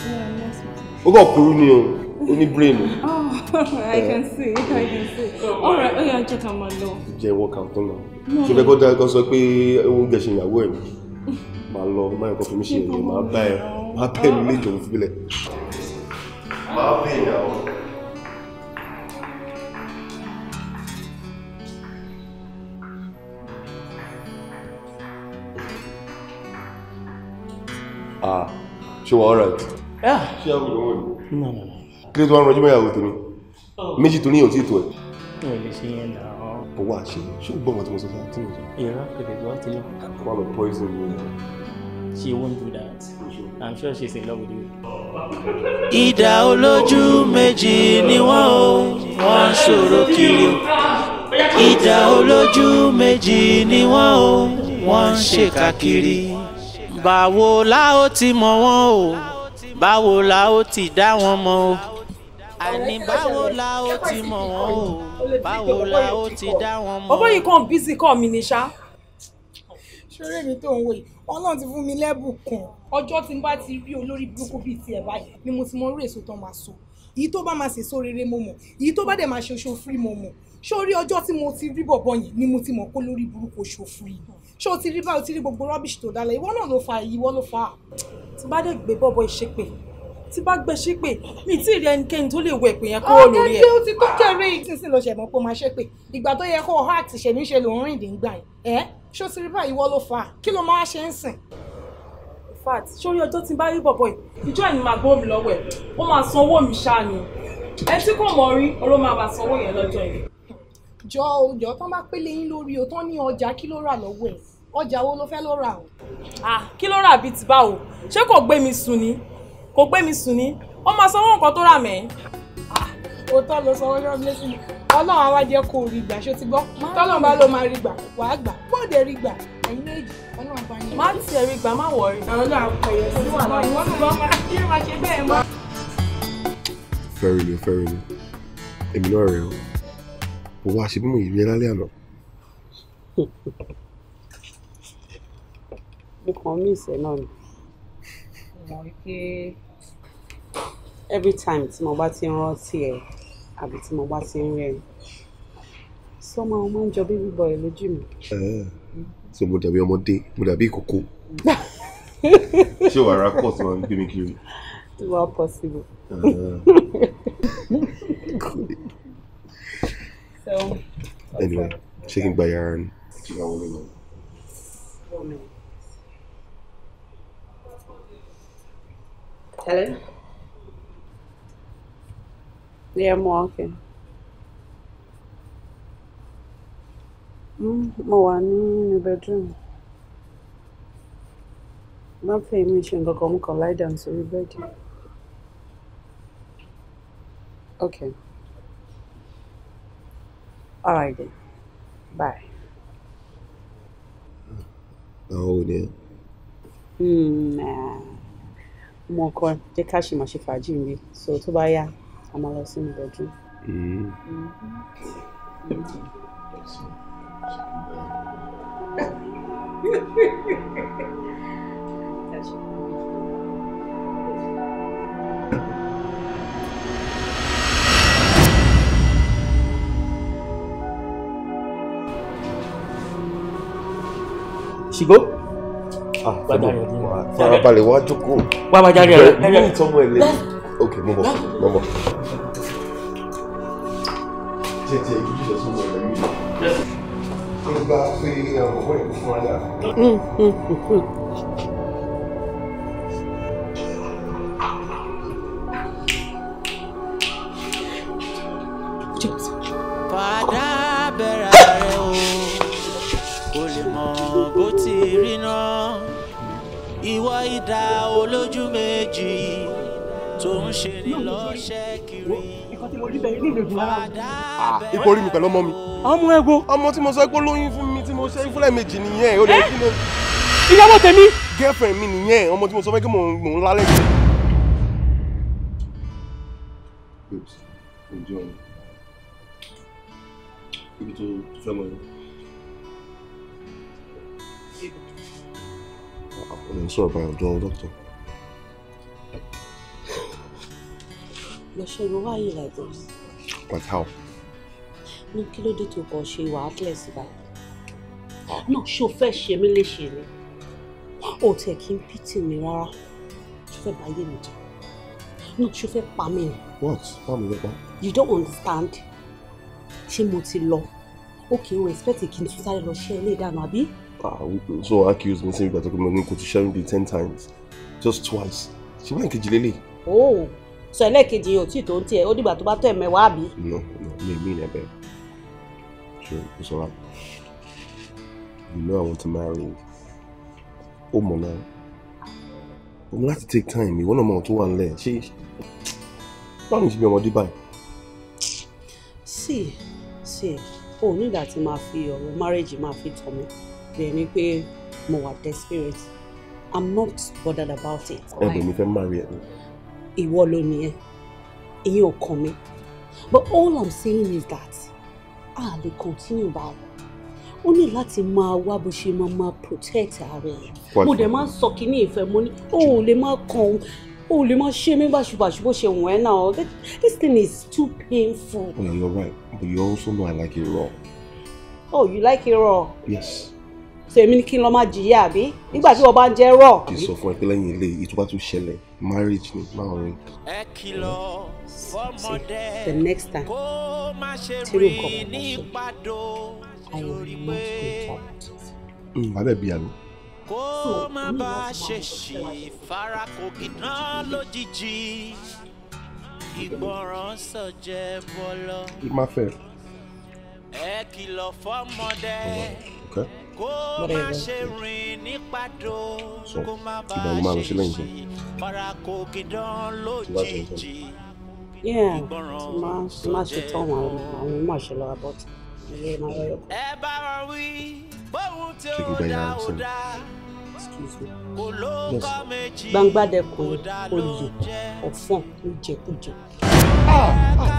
ó kàn kúrú ni o ó ní brain. oh [laughs] i can see i can see All right. ó oh yà jẹ́ ká máa lọ. jẹ́ work out náà ṣe fẹ́ kó dáa kó sọ pé ó ń gẹ̀ṣẹ̀ ìyàwó ẹ̀ máa lọ máa yẹ kó fi mí ṣe èyí máa bá ẹ máa bẹ́ẹ̀ mi lè jọ̀wọ́ fílẹ̀. Má bênção. Ah, ṣé wọ́n alright? Ṣé àwọn ìdánwò ni? No, no, no. Kí ló tó wá rọjú mẹ́yàwó tèmi? Oh. Méjì tó níyàn tí ètò ẹ̀. Mi ò lè ṣe yẹn náà. Owó àṣẹ, ṣé o gbọ́ ọmọ tí mo sọ fún ẹ tí mo sọ? Ìyàrá pèlè lọ́wọ́ ti lọ. Wọ́n lọ poison mi she won't do that. I'm sure she's in love with you. Ìdá olójú méjì ni wọ́n o, wọ́n ń ṣòro kiri. Ìdá olójú méjì ni wọ́n o, wọ́n ń ṣèkà kiri. Báwo la ó ti mọ̀ wọ́n o? Báwo la ó ti dá wọn mọ̀ o? Àní báwo la ó ti mọ̀ wọ́n o? Báwo la ó ti dá wọn mọ̀ o? Bọ́bọ́ yìí kàn bísí kọ́ mi ní ṣá. Ṣoré mi tó ń wò yìí ọlọ́run ti fún mi lẹ́bùn kan ọjọ́ tí n bá ti rí olórí burúkú bíi tiẹ̀ báyìí ni mo ti mọ orí èso tán máa so èyí tó bá máa ṣèso rere mo mọ̀ èyí tó bá dẹ̀ máa ṣe oṣù fúri mo mọ̀ sórí ọjọ́ tí mo ti rí bọ̀bọ̀ yẹn ni mo ti mọ̀ kó lórí burúkú oṣù ṣé o ti rí báyìí o ti rí gbogbo rọ́bìṣì tó dálẹ̀ ìwọ náà ló fa ìwọ ló fa. tí bá dẹ̀ gbé bọ̀bọ̀ ìṣépè tí bá gbé ṣépè mi tí ì rí ẹnikẹ́ni tó lè wọ ìpè yẹn kúrò lórí ẹ̀. ọ̀gá tí ó ti tó kéré ìsinsìnyí lọ ṣẹ̀mọ́ pé ó máa ṣépè ìgbà tó yẹ kó ọ̀há àtìṣẹ́ níṣẹ́ lòún rìn dé ń gbà yẹn ṣó ti rí báyìí wọ́ ló fà á kí ló máa ṣe ń sìn. in fact sórí ọjọ́ tí n bá rí bọ̀bọ̀ yìí ìjọ ẹ̀ ni màá gbọ́ mi lọ́wọ́ ẹ̀ ó máa san owó mi ṣáà ni ẹ tí kò mọ̀ rí ọ̀rọ̀ máa bá san owó yẹn lọ́jọ́ yẹn. jọ òjò tán bá pélé yín lórí o tán ní ọjà kí ló rà lọ́wọ́ ẹ̀ ọjà wo ló fẹ́ ló rà o. ah kí ló rà bíi ti báwo ṣé kò gbé mi sùn ni kò gbé mi sùn ni ó máa sanwó nǹkan tó rà mẹ́ òótọ́ ló sanwó ránṣẹ́ sí mi ọlọ́run àwa jẹ́ kó rí gbà ṣó ti gbọ́ tọ́lọ́run bá ló máa rí gbà wàá gbà bóde rí gbà ẹ̀yin méjì ọlọ́run bá yẹn. má tiẹ̀ rí gbà má wọ̀ọ́rì. ọlọ́run àpẹyẹ sí wàhálà ìwọ́n ti gbọ́ máa ṣe máa ṣe bẹ́ẹ̀ fẹ́rẹ̀lẹ̀ fẹ́rẹ̀lẹ̀ èmi mo kàn mí ìṣẹ́ náà ni mo rí pé every time tí mo bá ti ń rántí ẹ̀ àbí tí mo bá ti ń rẹ́rìn sọmọ ọmọ ń jọ bíbí bọ̀ ẹ̀ lójú mi. so mo dàbí ọmọdé mo dàbí ìkókó [laughs] ṣé wàá ra kọ́ọ̀tù máa ń gbé mi kiri. well possible. so. anyway ṣé kí n gba Hello. Yeah, I'm walking. Mm, mo wà nínú bedroom. Má fẹ́ mi ṣe nǹkan kan, mo kàn lie down sórí bẹ́ẹ̀dì. Okay. All right then. Bye. Báwo hmm, ni? Mo kọ́ jẹ́ ká ṣì máa ṣe fàájì mi, so tó bá yá a máa lọ sínú bedroom. Ah, farabalẹ̀ wá jókòó. wá wá jáde rẹ̀. ok mo mọ̀ mo mọ̀ jẹ́ ti ẹ̀jú jíṣẹ́ sọ́mọ rẹ̀ tó bá pé um, ọ̀pọ̀ ẹ̀kú fún ara. ìwọ idà olójú méjì tó ń ṣe ní lọ́ṣẹ́ kiri fàdà. Ah, ipò orí mi pẹ̀lú ọmọ mi. ọmọ ẹgbó. ọmọ tí mo sọ pé lóyún fún mi tí mo ṣe fúnlẹ̀ méjì nìyẹn ó lè kí lè. ìyàwó tèmi. girlfriend mi nìyẹn ọmọ tí mo sọ pé kí mò ń lálẹ́ yìí. babes ojú ọ̀run ibi tó fẹ́ mọ yẹn. ọ̀rọ̀ ń sọ̀rọ̀ báyọ̀ dán dókítà. Lọ ṣe ìwọ wáyé like But how? ní kí ló dé tó kàn ṣe wàhálà sí báyìí náà ṣó fẹ́ ṣe mí léṣe ni ó tẹ̀ kí n pìtì mi rárá ṣó fẹ́ báyé mi jẹ́ náà ṣó pa mí ni. what pa mi lọ you don't understand ṣé mo ti lọ ó kì í respect kí n tún sáré lọ ṣe ilé ìdáná àbí. ah so accuse me since gbàtọ́ pé mo ní kò ti ṣẹ́yìn bíi ten times just twice ṣé wọ́n kejì lélẹ̀. oh sọ ẹlẹ́ẹ̀kejì yìí ò tí ì tó ń tiẹ̀ ó dìgbà tó bá tọ́ ẹ̀mẹ́wàá àbí. no no mi ì mí ìnẹ̀bẹ̀rẹ̀ true. It's alright. You know I want to marry you. Ó mọ̀ náà. Ó mọ̀ láti take time. Ìwọ náà mọ̀ tó one nílẹ̀. Ṣé why ni ṣe bí ọmọdé báyìí? Sí sí o ní ìgbà tí máa fi ọ̀rọ̀ marriage máa my fear mí me. ni you pay more desperate. I'm not bothered about it. Ẹ bẹ̀ mi fẹ́ marry it. Ìwọ ló ni ẹ. Ìyẹn ò kàn mí. But all I'm saying is that a lè continue báyìí ó ní láti máa wá bó ṣe máa máa protect ààrẹ mo dẹ̀ máa ń sọ kínní ìfẹ́ mo ní o ò lè máa kàn o ò lè máa ṣe mí báṣubàṣu bó ṣe wọ̀n ẹ́ náà this thing is too painful. Yeah, oh, you're right but you also know I like it raw. oh you like it raw. yes so èmi ni kí n lọ máa jìyà àbí nígbà tí wọ́n bá ń jẹ́ rọ̀. kì í sọ fún ẹ pé lẹ́yìn ilé ìtura tún ṣẹlẹ̀ marriage ni máa rẹ. ẹ kìlọ̀ fọmọdé the next time ṣe i will not go out. wàá bẹ̀ bí kó má bá a ṣe ṣì fara kò gidná lójijì ìgbọràn sọjẹ bọlọ. ẹ kìlọ̀ fọmọdé. okay kó má ṣe rìn ní pàdó kó má bá ṣe ṣe fara kò gidan lójijì. ìgbọràn má ṣe tán àwọn àwọn ọmọ àṣẹlọ abọ́tì ilé máa yọ yọkọ. ẹ bá wọn wí bóun tí ó dá ó dá kò ló kọ́ méjì gbangba dẹkùn olè ọ̀fọ̀n kújẹkújẹ.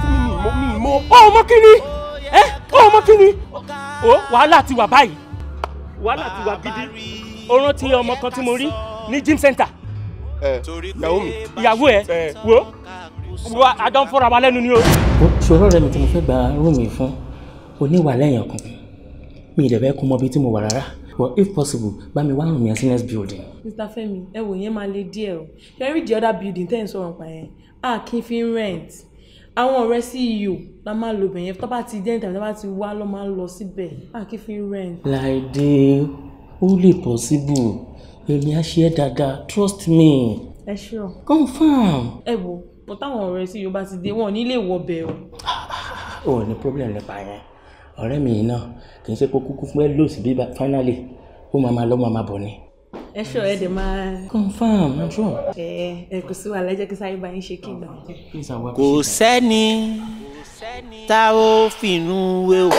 mi mọ mi mọ ọmọ kìíní ẹ eh, ọmọ kìíní o wàhálà ti wà báyìí wàhálà ti wà gidi ó rántí ọmọ kan tí mo rí ní gym center. ẹ ìyàwó mi. ìyàwó ẹ wo wo àdán fọra wa lẹ́nu ni o. ṣòro rẹ mi tí mo fẹ́ gba rúùmù yìí fún oníwà lẹ́yìn ọkàn mi ì dẹ̀bẹ́ kú mọ ibi tí mo wà rárá but if possible bá mi wá rùn mí sínú building. mr femi ẹ wò yẹn máa le díẹ̀ o ṣe rí di other building tẹ́ ẹ̀ ń sọ̀rọ̀ pa yẹn a kì í fi rent àwọn ọ̀rẹ́ ceo la máa lo bẹ̀yẹn tó bá ti dẹ́yìn tàbí tó bá ti wá lọ́ máa lọ síbẹ̀ a kì fi rent. láìdé ó lè possible èmi á ṣe é dáadáa trust me. ẹ sure. confam. ẹ wo mo táwọn ọ̀rẹ́ ceo bá ti dé wọn ò ní lè wọ bẹ̀ o. o ní problem nípa yẹn ọ̀rẹ́ mi yìí náà kì í ṣe kó kúkú fún ẹ lóòsì bíbá finally ó máa máa lọ́ máa bọ̀ ni ẹ ṣọ ẹ dẹ̀ máa. confam n ṣọ. ẹ ẹ kò sí wàhálà ẹ jẹ́ kí sáré bá yín ṣe kí n gbà. kò sẹ́ni tá ó fìnnú wé o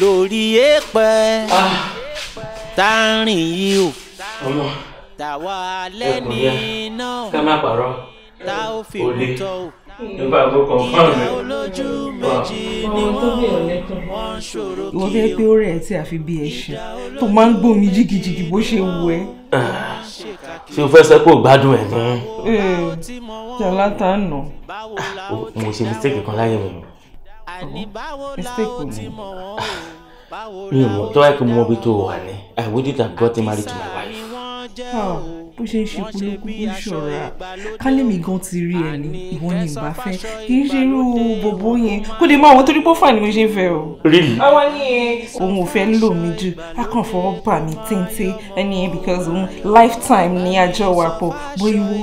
lórí èèpẹ̀ ah. tá a rìn yìí o tàwa alẹ́ nìyí náà tá ó fìnnú tọ́ o nígbà tó kàn fún mi. ìwọ bẹ́ẹ̀ pé ó rẹ̀ ẹ́ tí a fi bí ẹ ṣe tó máa ń gbómi jìgìjìgì bó ṣe wù ẹ́. Ah, ṣé o fẹ́ sẹ́ kó o gbádùn ẹ̀ ní. Eh, jọlá tá a nà. Ah, mo ṣe mistake kan láyé mi. Oh, mistake mi ah, mi ò mọ tó wáyé pé mo mọ ibi tó wà ní I wouldn't have gotten married to my wife. Oh bó ṣe ń ṣe polúkú bó ṣọra kálẹ̀mí gan ti rí ẹ ní ìwọ ni ìbá fẹ́ kì í ṣe irú bòbó yẹn kó lè máa wọn torí pọ́fà ni mo ṣe ń fẹ́ o. rírì. àwọn ni òun ò fẹ́ lò mí jù á fọwọ́ bà mí téńté ẹni yẹn because òun lifetime ni àjọ wà pọ̀ bó iwo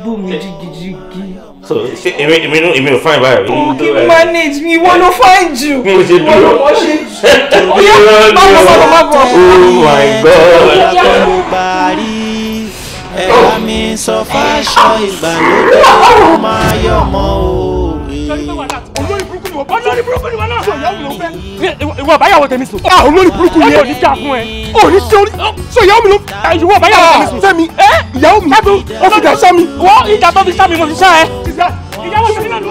gbó mi jìgìjìgì so ṣe èmi èmi nu èmi ò fáìn báyìí. o kì manage mi ìwọ ló fáìn jù ìwọ ló mọ ṣe [laughs] jù ó yẹ má bọ̀ má bọ̀ má bọ̀. oh my god. ẹ̀ka oh. mi sọ fáṣọ ìgbàlódé ó máa yọ̀ mọ́ o. Ah, olórí burúkú ni wọn náà. sọyàwó ló ah, ìwọ àbáyàwó tèmi sùn. a olórí burúkú yẹn. òní dà fún ẹ. òní ṣe orí. sọyàwó mi ló. ìwọ àbáyàwó tèmi sùn. fẹ́mi ìyàwó mi. ó fi dà wọ́n ìjà tó fi sá mo fi sá ẹ. ìyàwó tèmi náà ló.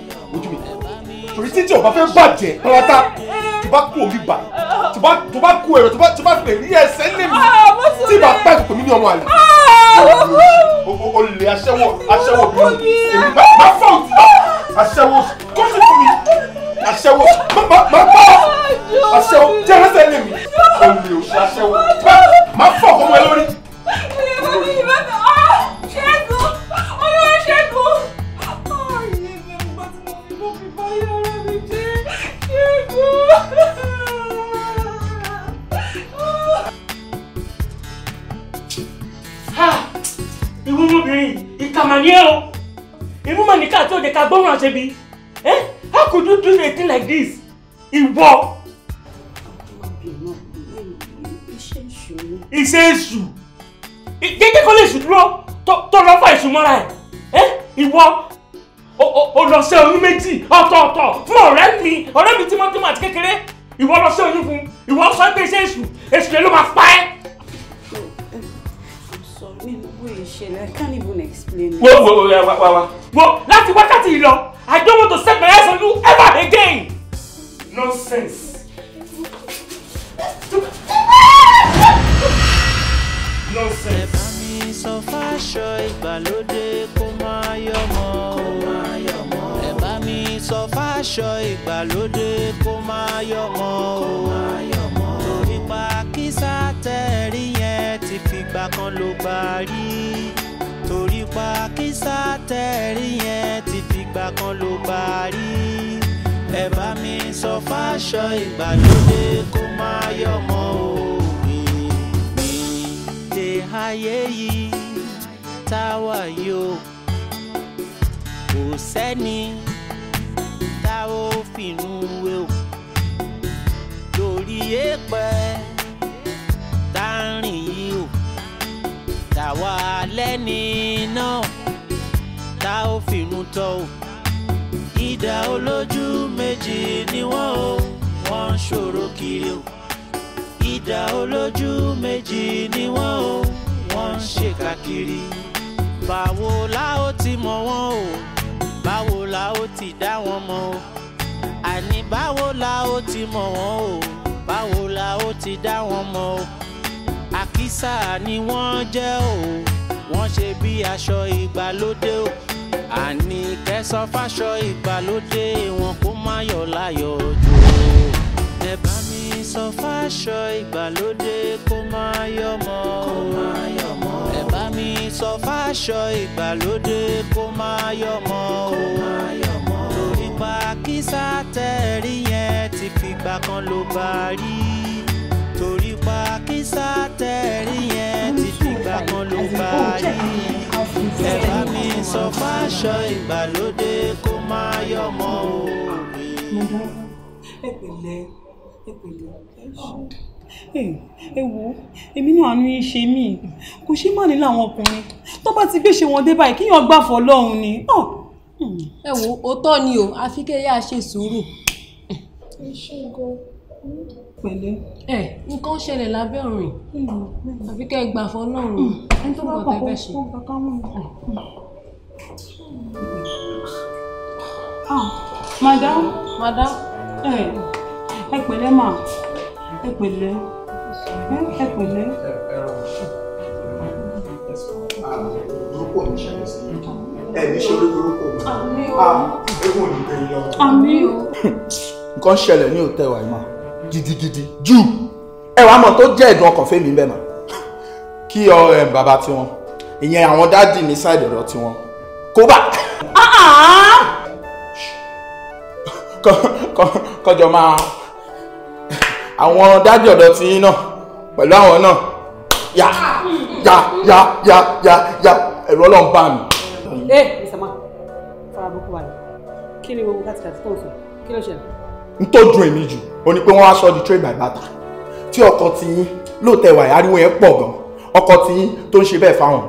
torí títí ò bá fẹ́ bàjẹ́ pátá tí bá kú omi bà tí bá tó bá kú ẹ̀rọ tí bá fẹ́ rí ẹsẹ̀ lé mi ah, tí bá pẹ́ kò mí ní ọmọ àlè ah, olè aṣẹ́wó aṣẹ́wó mi èmi má fọ́ òtí aṣẹ́wó kó sì fún mi aṣẹ́wó má má má aṣẹ́wó jẹ́ ẹsẹ̀ lé mi ah, olè òṣì aṣẹ́wó má fọ́ ọmọ ẹ lórí. ìwọ ọmọbìnrin ìkàmà ni ẹ o ìmú mà ní ká tí ó jẹ ká gbọ́ràn àṣebi ẹ how could you do a thing like this ìwọ. iṣẹ́ èṣù jẹ́jẹ́ kó lè ṣù dúró tó lọ́ fà èṣù mọ́ra ẹ̀ ìwọ o lọ sí oyún méjì ọ̀tọ̀ọ̀tọ̀ fún ọ̀rẹ́ mi ọ̀rẹ́ mi tímọ́tímọ́ àti kékeré ìwọ lọ sí oyún fún ìwọ sọ pé iṣẹ́ èṣù èṣù lè ló máa pa ẹ́. ṣe náà I can't even explain. wo wo wo wa wa wa wo láti wákàtí yìí lọ I don't want to set my eyes on you ever again nonsense nonsense. sọ fáṣọ fìgbà kan ló gbà rí torí pa kísà tẹ̀rí yẹn ti fìgbà kan ló gbà rí ẹ bá mi sọ fáṣọ ìgbàlódé kó má yọmọ òbí mi lè ayé yìí táwa yóò kò sẹ́ni tá ó fìnnú wé o lórí èèpẹ̀. iná tá ó fìnú tọ́ o idà olójú méjì ni wọ́n o wọ́n ṣòro kiri o idà olójú méjì ni wọ́n o wọ́n ń ṣèkà kiri báwo la ó ti mọ̀ wọ́n o báwo la ó ti dá wọn mọ̀ o àní báwo la ti mọ̀ wọ́n o báwo la ti dá wọn mọ̀ o àkísà ni wọ́n jẹ́ o wọ́n ṣe bí aṣọ ìgbàlódé o àní kẹsọ fáṣọ ìgbàlódé wọn kó má yọ̀ láyọ̀ ojú o. ẹ bá mi sọ fáṣọ ìgbàlódé kó má yọ̀ mọ́ o. ẹ bá mi sọ fáṣọ ìgbàlódé kó má yọ̀ mọ́ o. torí pa kí sátẹ̀ yẹn ti fìgbà kan ló bá rí torí pa kísà tẹ̀rí yẹn ti dìgbà kan ló bá ẹ bá mi sọ fáṣọ ìgbàlódé kó má yọmọ omi. ẹ pẹ̀lẹ́ ẹ pẹ̀lẹ́ ẹ ṣe ẹ wo èmi náà àánú yín ṣe mí kò ṣe má ní láwọn ọkùnrin tó bá ti gbé ṣe wọn dé báyìí kíyàn gbà fọ lọ́hùn ni. Hmm. ẹ wo òótọ́ ni o àfi kẹ́ yá ṣe sùúrù. ẹ ṣe gan-an pẹ̀lẹ́. ẹ nǹkan ṣẹlẹ̀ lábẹ́ ọ̀rìn àfi kẹ́ ẹ gbà fọ́ náà o ẹni tó bá kọ̀ kó kó gbà ká mọ̀ ọ́. madam madam ẹ ẹ pẹ̀lẹ́ mà ẹ pẹ̀lẹ́ ẹ pẹ̀lẹ́. orúkọ mi ṣẹlẹ̀ sí ẹ ní ṣe olójú orúkọ mi. àmì o. Ah, ewu ò ní gbẹ̀yìn lọ. àmì o. nǹkan ṣẹlẹ̀ ní òtẹ́wàá yìí mà gidigidi jù ẹwà mọ̀ tó jẹ́ ẹ̀dùn ọkàn fẹ́mi bẹ́ẹ̀ mà kí ọ bàbá tiwọn ìyẹn àwọn dáàdì ní sáìdì ọ̀dọ̀ tiwọn kó bá. [laughs] kọjọ máa àwọn dáàdì ọ̀dọ̀ tí náà pẹ̀lú àwọn náà yà yà yà yà yà yà ẹ̀rọ ọlọ́run bá mi. ẹ ẹ sàmà fara boko wa kí ni gbogbo kátìkàtì tó ń sọ kí ló ṣẹlẹ̀. ń tọ́jú èmi jù ó ní pé wọ́n wá sọ di trade by barter tí ọkọ tiyín lóòótọ́ ìwà ìhariwo yẹn pọ̀ gan ọkọ tiyín tó ń ṣe bẹ́ẹ̀ fáwọn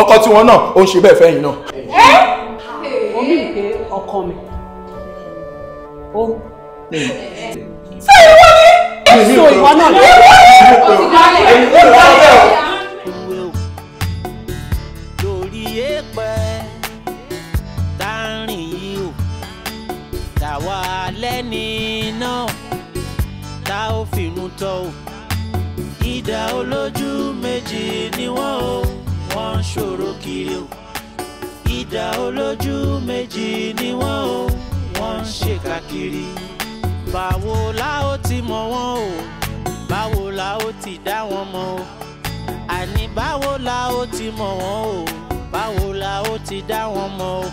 ọkọ tiwọn náà ó ń ṣe bẹ́ẹ̀ fẹ́yìn náà. ẹ ẹ omi ìgbé ọkọ mi ó. ṣé ìwọ ni. èso ìwọ náà. ìwọ ni. ó ti dálẹ̀. èso ìwọ náà. tọ́ o ìdá olójú méjì ni wọ́n o wọ́n ń ṣòro kiri o ìdá olójú méjì ni wọ́n o wọ́n ń ṣèkà kiri báwo la ó ti mọ̀ wọ́n o báwo la ó ti dá wọn mọ̀ o àní báwo la ó ti mọ̀ wọ́n o báwo la ó ti dá wọn mọ̀ o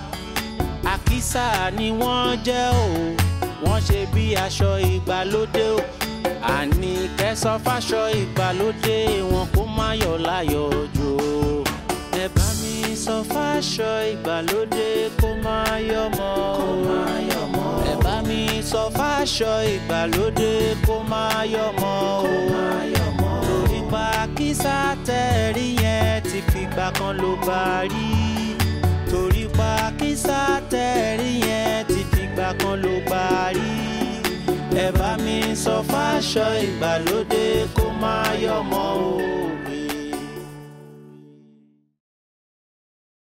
àkísà ni wọ́n jẹ́ o wọ́n ṣe bí aṣọ ìgbàlódé o. Àníkẹ́ sọ fáṣọ ìgbàlódé wọn kó má yọ̀ láyọ̀ jò. Ẹ bá mi sọ fáṣọ ìgbàlódé kó má yọ̀ mọ́. Ẹ bá mi sọ fáṣọ ìgbàlódé kó má yọ̀ mọ́. Lórí pa kísà tẹ́ẹ̀rí yẹn ti fìgbà kan ló bá rí. Torí pa kísà tẹ́ẹ̀rí yẹn ti fìgbà kan ló bá rí ẹ bá mi sọ fáṣọ ìgbàlódé kó má yọmọ o.